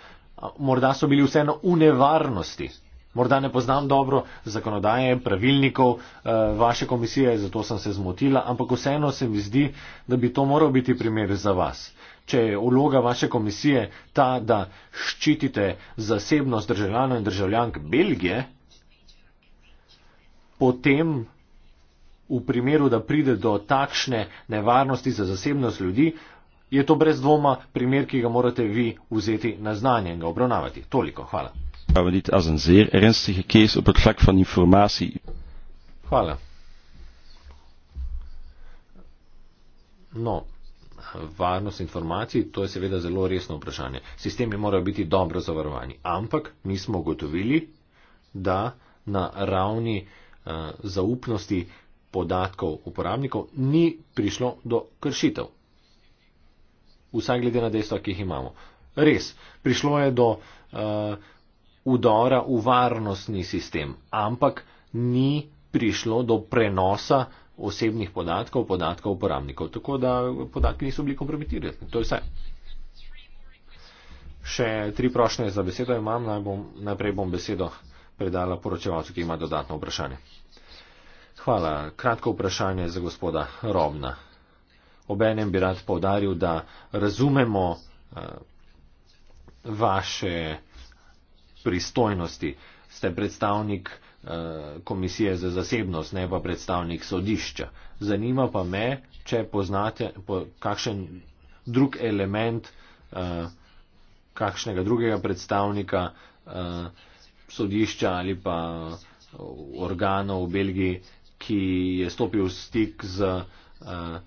morda so bili vseeno v nevarnosti. Morda ne poznam dobro zakonodaje, pravilnikov eh, vaše komisije, zato sem se zmotila, ampak vseeno se mi zdi, da bi to moral biti primer za vas. Če je uloga vaše komisije ta, da ščitite zasebnost državljanov in državljank Belgije, potem v primeru, da pride do takšne nevarnosti za zasebnost ljudi, je to brez dvoma primer, ki ga morate vi vzeti na znanje in ga obravnavati. Toliko, hvala. Hvala. No, varnost informacij, to je seveda zelo resno vprašanje. Sistemi morajo biti dobro zavarovani, ampak mi smo ugotovili, da na ravni uh, zaupnosti podatkov uporabnikov, ni prišlo do kršitev. Vsaj glede na dejstva, ki jih imamo. Res, prišlo je do uh, udora v varnostni sistem, ampak ni prišlo do prenosa osebnih podatkov, podatkov uporabnikov. Tako da podatki niso bili kompromitirani. To je vse. Še tri prošnje za besedo imam, najprej bom besedo predala poročevalcu, ki ima dodatno vprašanje. Hvala. Kratko vprašanje za gospoda Robna. Obenem bi rad povdaril, da razumemo uh, vaše pristojnosti. Ste predstavnik uh, komisije za zasebnost, ne pa predstavnik sodišča. Zanima pa me, če poznate po kakšen drug element, uh, kakšnega drugega predstavnika uh, sodišča ali pa organov v Belgiji, ki je stopil v stik z uh,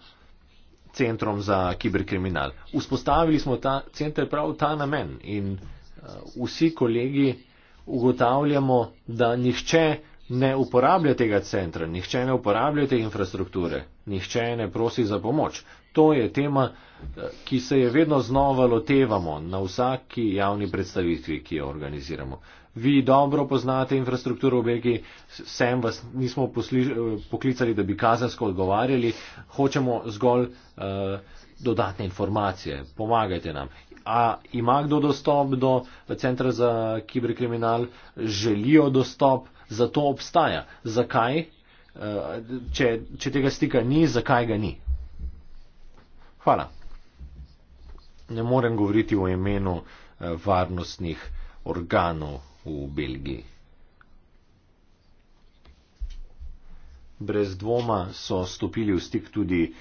centrom za kiberkriminal. Vzpostavili smo ta center prav ta namen in uh, vsi kolegi ugotavljamo, da nihče ne uporablja tega centra, nihče ne uporablja te infrastrukture, nihče ne prosi za pomoč. To je tema, eh, ki se je vedno znova lotevamo na vsaki javni predstavitvi, ki jo organiziramo vi dobro poznate infrastrukturo v Belgiji, sem vas nismo posliž, eh, poklicali, da bi kazensko odgovarjali, hočemo zgolj uh, dodatne informacije, pomagajte nam. A ima kdo dostop do centra za kiberkriminal, želijo dostop, zato obstaja. Zakaj? Eh, če, če tega stika ni, zakaj ga ni? Hvala. Ne morem govoriti o imenu varnostnih organov v Belgiji. Brez dvoma so stopili v stik tudi eh,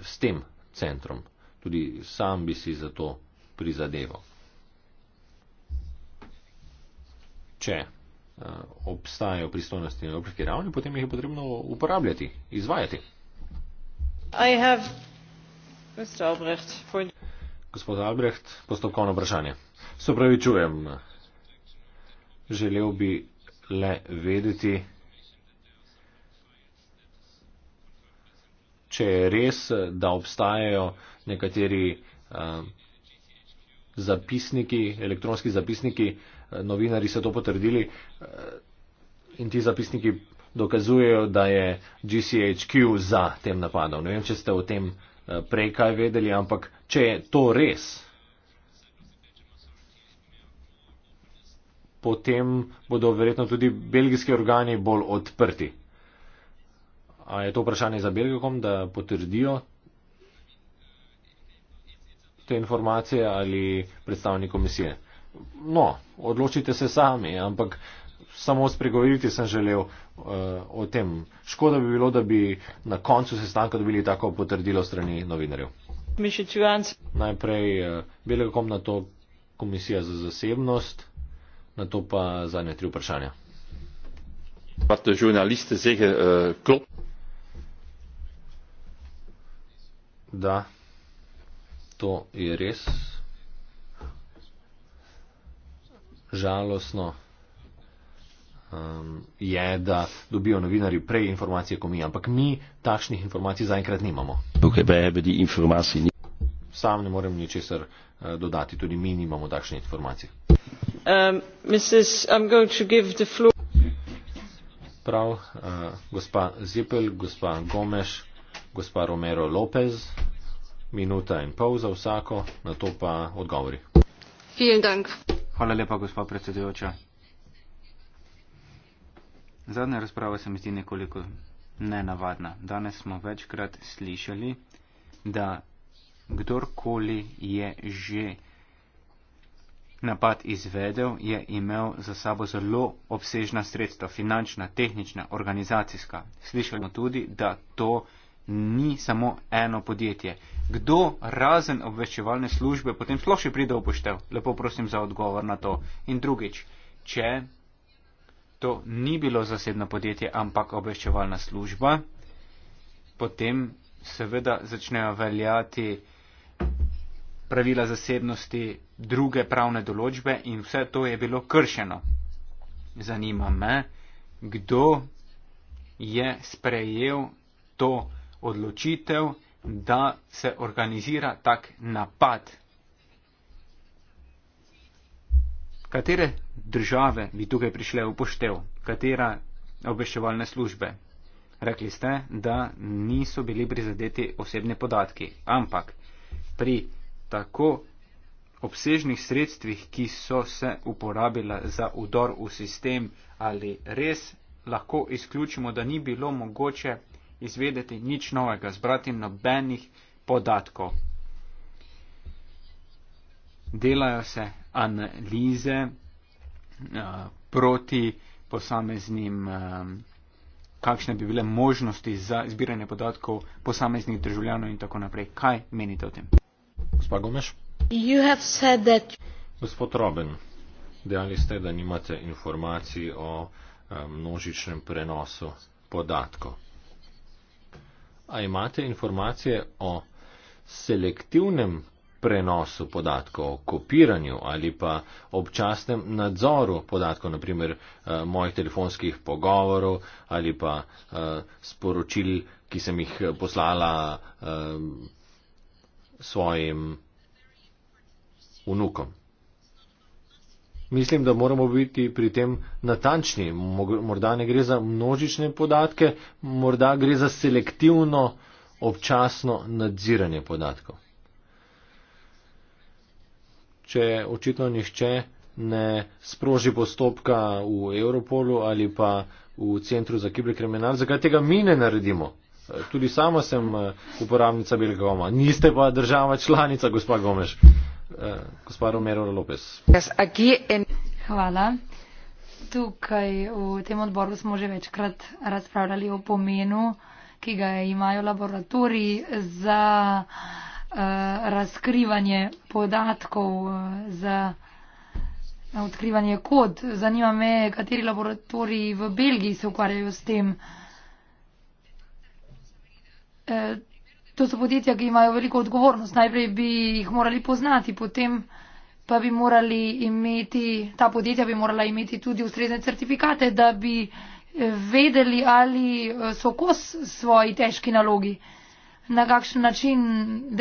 s tem centrom. Tudi sam bi si za to prizadeval. Če eh, obstajajo pristojnosti na evropski ravni, potem jih je potrebno uporabljati, izvajati. Gospod Albrecht, postopkovno vprašanje. Se pravi, čujem, Želel bi le vedeti, če je res, da obstajajo nekateri uh, zapisniki, elektronski zapisniki, eh, novinari so to potrdili uh, in ti zapisniki dokazujejo, da je GCHQ za tem napadom. Ne vem, če ste o tem uh, prej kaj vedeli, ampak če je to res. potem bodo verjetno tudi belgijski organi bolj odprti. A je to vprašanje za Belgikom, da potrdijo te informacije ali predstavnik komisije? No, odločite se sami, ampak samo spregovoriti sem želel uh, o tem. Škoda bi bilo, da bi na koncu sestanka dobili tako potrdilo strani novinarjev. Najprej uh, eh, Belgikom na to komisija za zasebnost. Na to pa zadnje tri vprašanja. Wat de journalisten zeggen uh, klopt. Da, to je res. Žalostno um, je, da dobijo novinari prej informacije, kot mi, ampak mi takšnih informacij zaenkrat nimamo. Sam ne morem ničesar uh, dodati, tudi mi nimamo takšnih informacij. Um, Prav, uh, gospa Zipel, gospa Gomeš, gospa Romero Lopez, minuta in pol za vsako, na to pa odgovori. Hvala lepa, gospa predsedujoča. Zadnja razprava se mi zdi nekoliko nenavadna. Danes smo večkrat slišali, da kdorkoli je že napad izvedel, je imel za sabo zelo obsežna sredstva, finančna, tehnična, organizacijska. Slišali smo tudi, da to ni samo eno podjetje. Kdo razen obveščevalne službe potem sploh še pride upoštev? Lepo prosim za odgovor na to. In drugič, če to ni bilo zasebno podjetje, ampak obveščevalna služba, potem seveda začnejo veljati pravila zasebnosti, druge pravne določbe in vse to je bilo kršeno. Zanima me, kdo je sprejel to odločitev, da se organizira tak napad. Katere države bi tukaj prišle v poštev? Katera obveščevalne službe? Rekli ste, da niso bili prizadeti osebni podatki, ampak pri tako obsežnih sredstvih, ki so se uporabila za udor v sistem, ali res lahko izključimo, da ni bilo mogoče izvedeti nič novega, zbrati nobenih podatkov. Delajo se analize uh, proti posameznim, um, kakšne bi bile možnosti za zbiranje podatkov posameznih državljanov in tako naprej. Kaj menite o tem? Gospa Gomeš. That... Gospod Robin, dejali ste, da nimate informacij o eh, množičnem prenosu podatkov. A imate informacije o selektivnem prenosu podatkov, o kopiranju ali pa občasnem nadzoru podatkov, naprimer eh, mojih telefonskih pogovorov ali pa eh, sporočil, ki sem jih poslala svojim vnukom. Mislim, da moramo biti pri tem natančni. Morda ne gre za množične podatke, morda gre za selektivno občasno nadziranje podatkov. Če očitno nihče ne sproži postopka v Europolu ali pa v Centru za kiberkriminal, zakaj tega mi ne naredimo? Tudi sama sem eh, uporabnica Belega goma. Niste pa država članica, gospa Gomeš. Eh, gospa Romero Lopez. Hvala. Tukaj v tem odboru smo že večkrat razpravljali o pomenu, ki ga imajo laboratoriji za uh, razkrivanje podatkov, za odkrivanje kod. Zanima me, kateri laboratoriji v Belgiji se ukvarjajo s tem. Uh, Eh, to so podjetja, ki imajo veliko odgovornost. Najprej bi jih morali poznati, potem pa bi morali imeti, ta podjetja bi morala imeti tudi ustrezne certifikate, da bi eh, vedeli, ali eh, so kos svoji težki nalogi, na kakšen način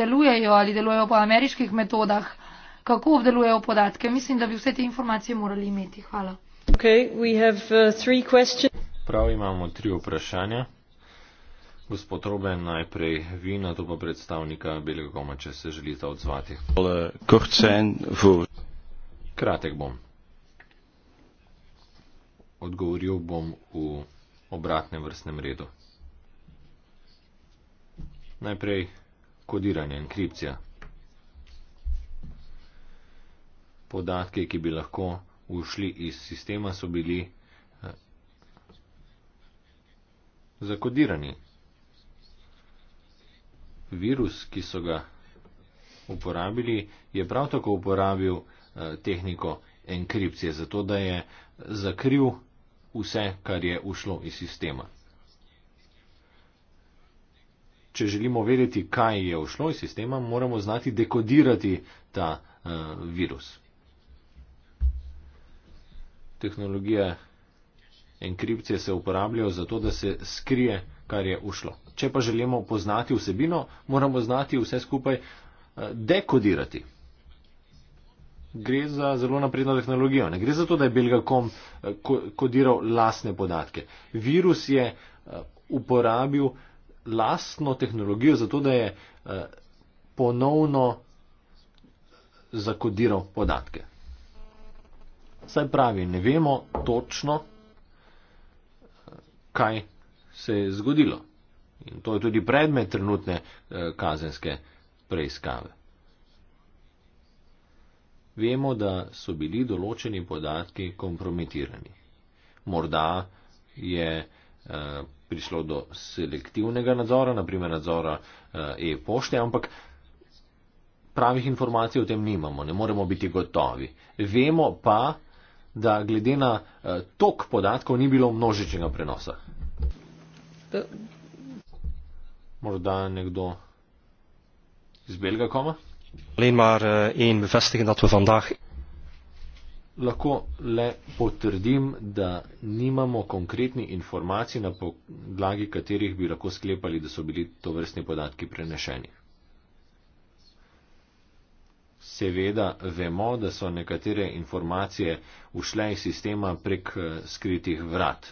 delujejo ali delujejo po ameriških metodah, kako obdelujejo podatke. Mislim, da bi vse te informacije morali imeti. Hvala. Okay, have, uh, Prav imamo tri vprašanja. Gospod Roben, najprej vi, na to pa predstavnika Belega goma, če se želite odzvati. Kratek bom. Odgovoril bom v obratnem vrstnem redu. Najprej kodiranje, enkripcija. Podatke, ki bi lahko ušli iz sistema, so bili eh, zakodirani virus, ki so ga uporabili, je prav tako uporabil eh, tehniko enkripcije, zato da je zakril vse, kar je ušlo iz sistema. Če želimo vedeti, kaj je ušlo iz sistema, moramo znati dekodirati ta eh, virus. Tehnologije enkripcije se uporabljajo zato, da se skrije kar je ušlo. Če pa želimo poznati vsebino, moramo znati vse skupaj eh, dekodirati. Gre za zelo napredno tehnologijo. Ne gre za to, da je Belgacom eh, kodiral lasne podatke. Virus je eh, uporabil lastno tehnologijo za to, da je ponovno zakodiral podatke. Saj pravi, ne vemo točno, kaj se je zgodilo. In to je tudi predmet trenutne eh, kazenske preiskave. Vemo, da so bili določeni podatki kompromitirani. Morda je eh, prišlo do selektivnega nadzora, naprimer nadzora eh, e-pošte, ampak pravih informacij o tem nimamo, ne moremo biti gotovi. Vemo pa, da glede na tok podatkov ni bilo množičnega prenosa. Morda nekdo iz Belga koma? Alleen maar eh, één uh, bevestiging dat we vandaag. Lahko le potrdim, da nimamo konkretnih informacij, na podlagi katerih bi lahko sklepali, da so bili to vrstni podatki prenešeni. Seveda vemo, da so nekatere informacije ušle iz sistema prek eh, skritih vrat.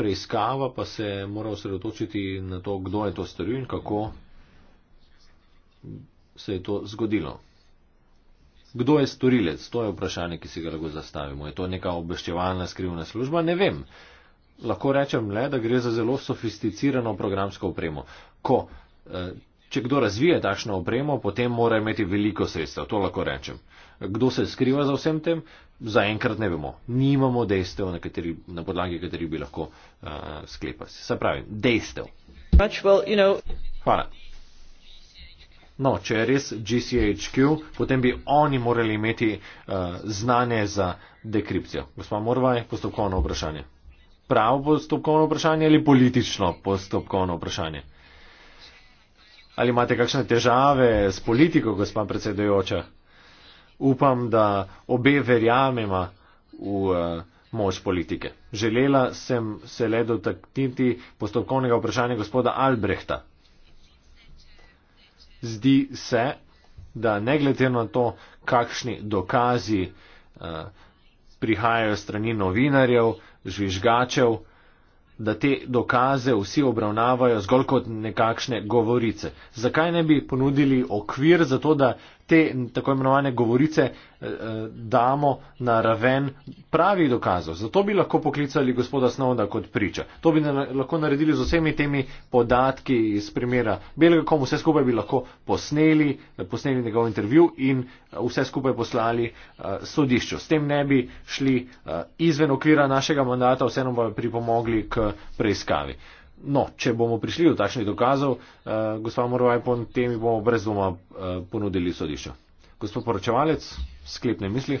preiskava pa se mora osredotočiti na to, kdo je to storil in kako se je to zgodilo. Kdo je storilec? To je vprašanje, ki si ga lahko zastavimo. Je to neka obveščevalna skrivna služba? Ne vem. Lahko rečem le, da gre za zelo sofisticirano programsko opremo. Ko, eh, če kdo razvije takšno opremo, potem mora imeti veliko sredstev. To lahko rečem kdo se skriva za vsem tem, zaenkrat ne vemo. Nimamo dejstev, na, kateri, na podlagi katerih bi lahko uh, sklepali. Se pravi, dejstev. Hvala. No, če je res GCHQ, potem bi oni morali imeti uh, znanje za dekripcijo. Gospa Morvaj, postopkovno vprašanje. Pravo postopkovno vprašanje ali politično postopkovno vprašanje? Ali imate kakšne težave s politiko, gospa predsedujoča? upam, da obe verjamemo v uh, moč politike. Želela sem se le dotakniti postopkovnega vprašanja gospoda Albrehta. Zdi se, da ne glede na to, kakšni dokazi uh, prihajajo strani novinarjev, žvižgačev, da te dokaze vsi obravnavajo zgolj kot nekakšne govorice. Zakaj ne bi ponudili okvir za to, da te tako imenovane govorice eh, damo na raven pravih dokazov. Zato bi lahko poklicali gospoda Snowda kot priča. To bi lahko naredili z vsemi temi podatki iz primera Belega komu. Vse skupaj bi lahko posneli, eh, posneli njegov intervju in eh, vse skupaj poslali sodišču. S tem ne bi šli izven okvira našega mandata, vseeno pa bi pripomogli k preiskavi. No, če bomo prišli do takšnih dokazov, eh, gospod Moravaj, potem bomo brez dvoma eh, ponudili sodišče. Gospod poročevalec, sklepne misli.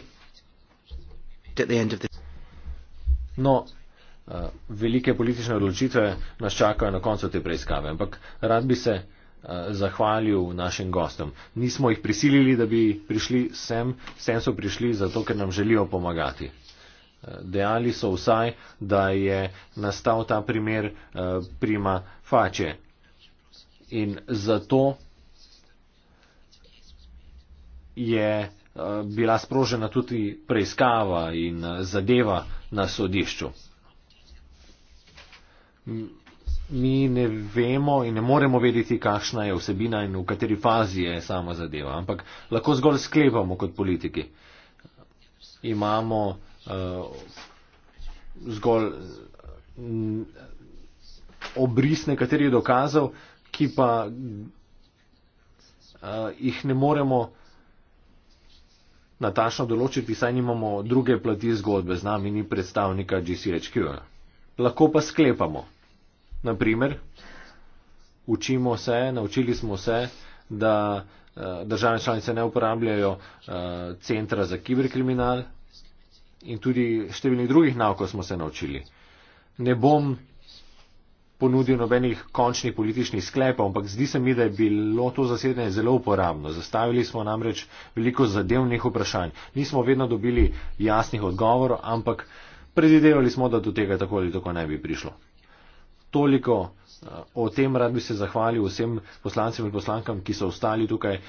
No, eh, velike politične odločitve nas čakajo na koncu te preiskave, ampak rad bi se eh, zahvalil našim gostom. Nismo jih prisilili, da bi prišli sem, sem so prišli zato, ker nam želijo pomagati. Dejali so vsaj, da je nastal ta primer eh, prima fače. In zato je eh, bila sprožena tudi preiskava in eh, zadeva na sodišču. Mi ne vemo in ne moremo vedeti, kakšna je vsebina in v kateri fazi je sama zadeva, ampak lahko zgolj sklepamo kot politiki. Imamo uh, zgolj n, mm, obris nekaterih dokazov, ki pa uh, jih ne moremo natačno določiti, saj nimamo druge plati zgodbe, z nami ni predstavnika GCHQ. Lahko pa sklepamo. Naprimer, učimo se, naučili smo se, da uh, države članice ne uporabljajo uh, centra za kiberkriminal, in tudi številnih drugih naukov smo se naučili. Ne bom ponudil nobenih končnih političnih sklepov, ampak zdi se mi, da je bilo to zasedanje zelo uporabno. Zastavili smo namreč veliko zadevnih vprašanj. Nismo vedno dobili jasnih odgovorov, ampak predvidevali smo, da do tega tako ali tako ne bi prišlo. Toliko eh, o tem rad bi se zahvalil vsem poslancem in poslankam, ki so ostali tukaj eh,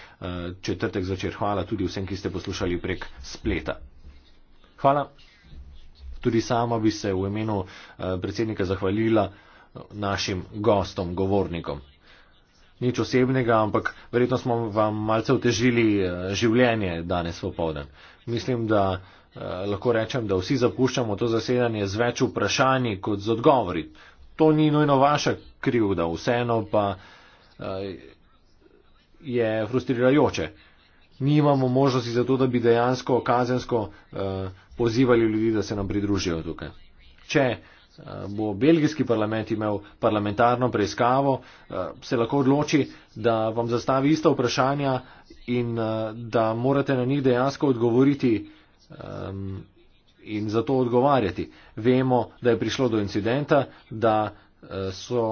četrtek zvečer. Hvala tudi vsem, ki ste poslušali prek spleta. Hvala. Tudi sama bi se v imenu eh, predsednika zahvalila eh, našim gostom, govornikom. Nič osebnega, ampak verjetno smo vam malce otežili eh, življenje danes popovdan. Mislim, da lahko rečem, da vsi zapuščamo to zasedanje z več vprašanji kot z odgovori. To ni nujno vaša krivda, vseeno pa je frustrirajoče nimamo možnosti za to, da bi dejansko kazensko eh, pozivali ljudi, da se nam pridružijo tukaj. Če eh, bo belgijski parlament imel parlamentarno preiskavo, eh, se lahko odloči, da vam zastavi ista vprašanja in eh, da morate na njih dejansko odgovoriti. Eh, In za to odgovarjati. Vemo, da je prišlo do incidenta, da, eh, so,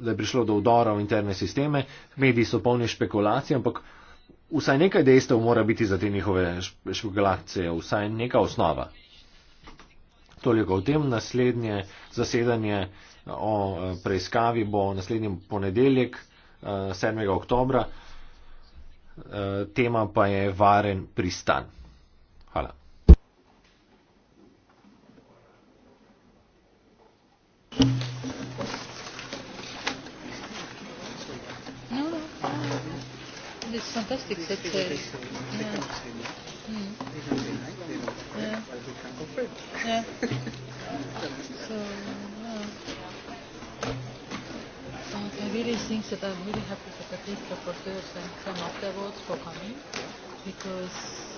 da je prišlo do vdora v interne sisteme. Mediji so polni špekulacij, ampak vsaj nekaj dejstev mora biti za te njihove špekulacije, vsaj neka osnova. Toliko o tem, naslednje zasedanje o eh, preiskavi bo naslednji ponedeljek, 7. Eh, oktobra, eh, tema pa je varen pristan. Hvala. it's fantastic. Please, it's, uh, yeah. Yeah. Yeah. So, yeah. I really think that I'm really happy for Katrina for first and some afterwards for coming because.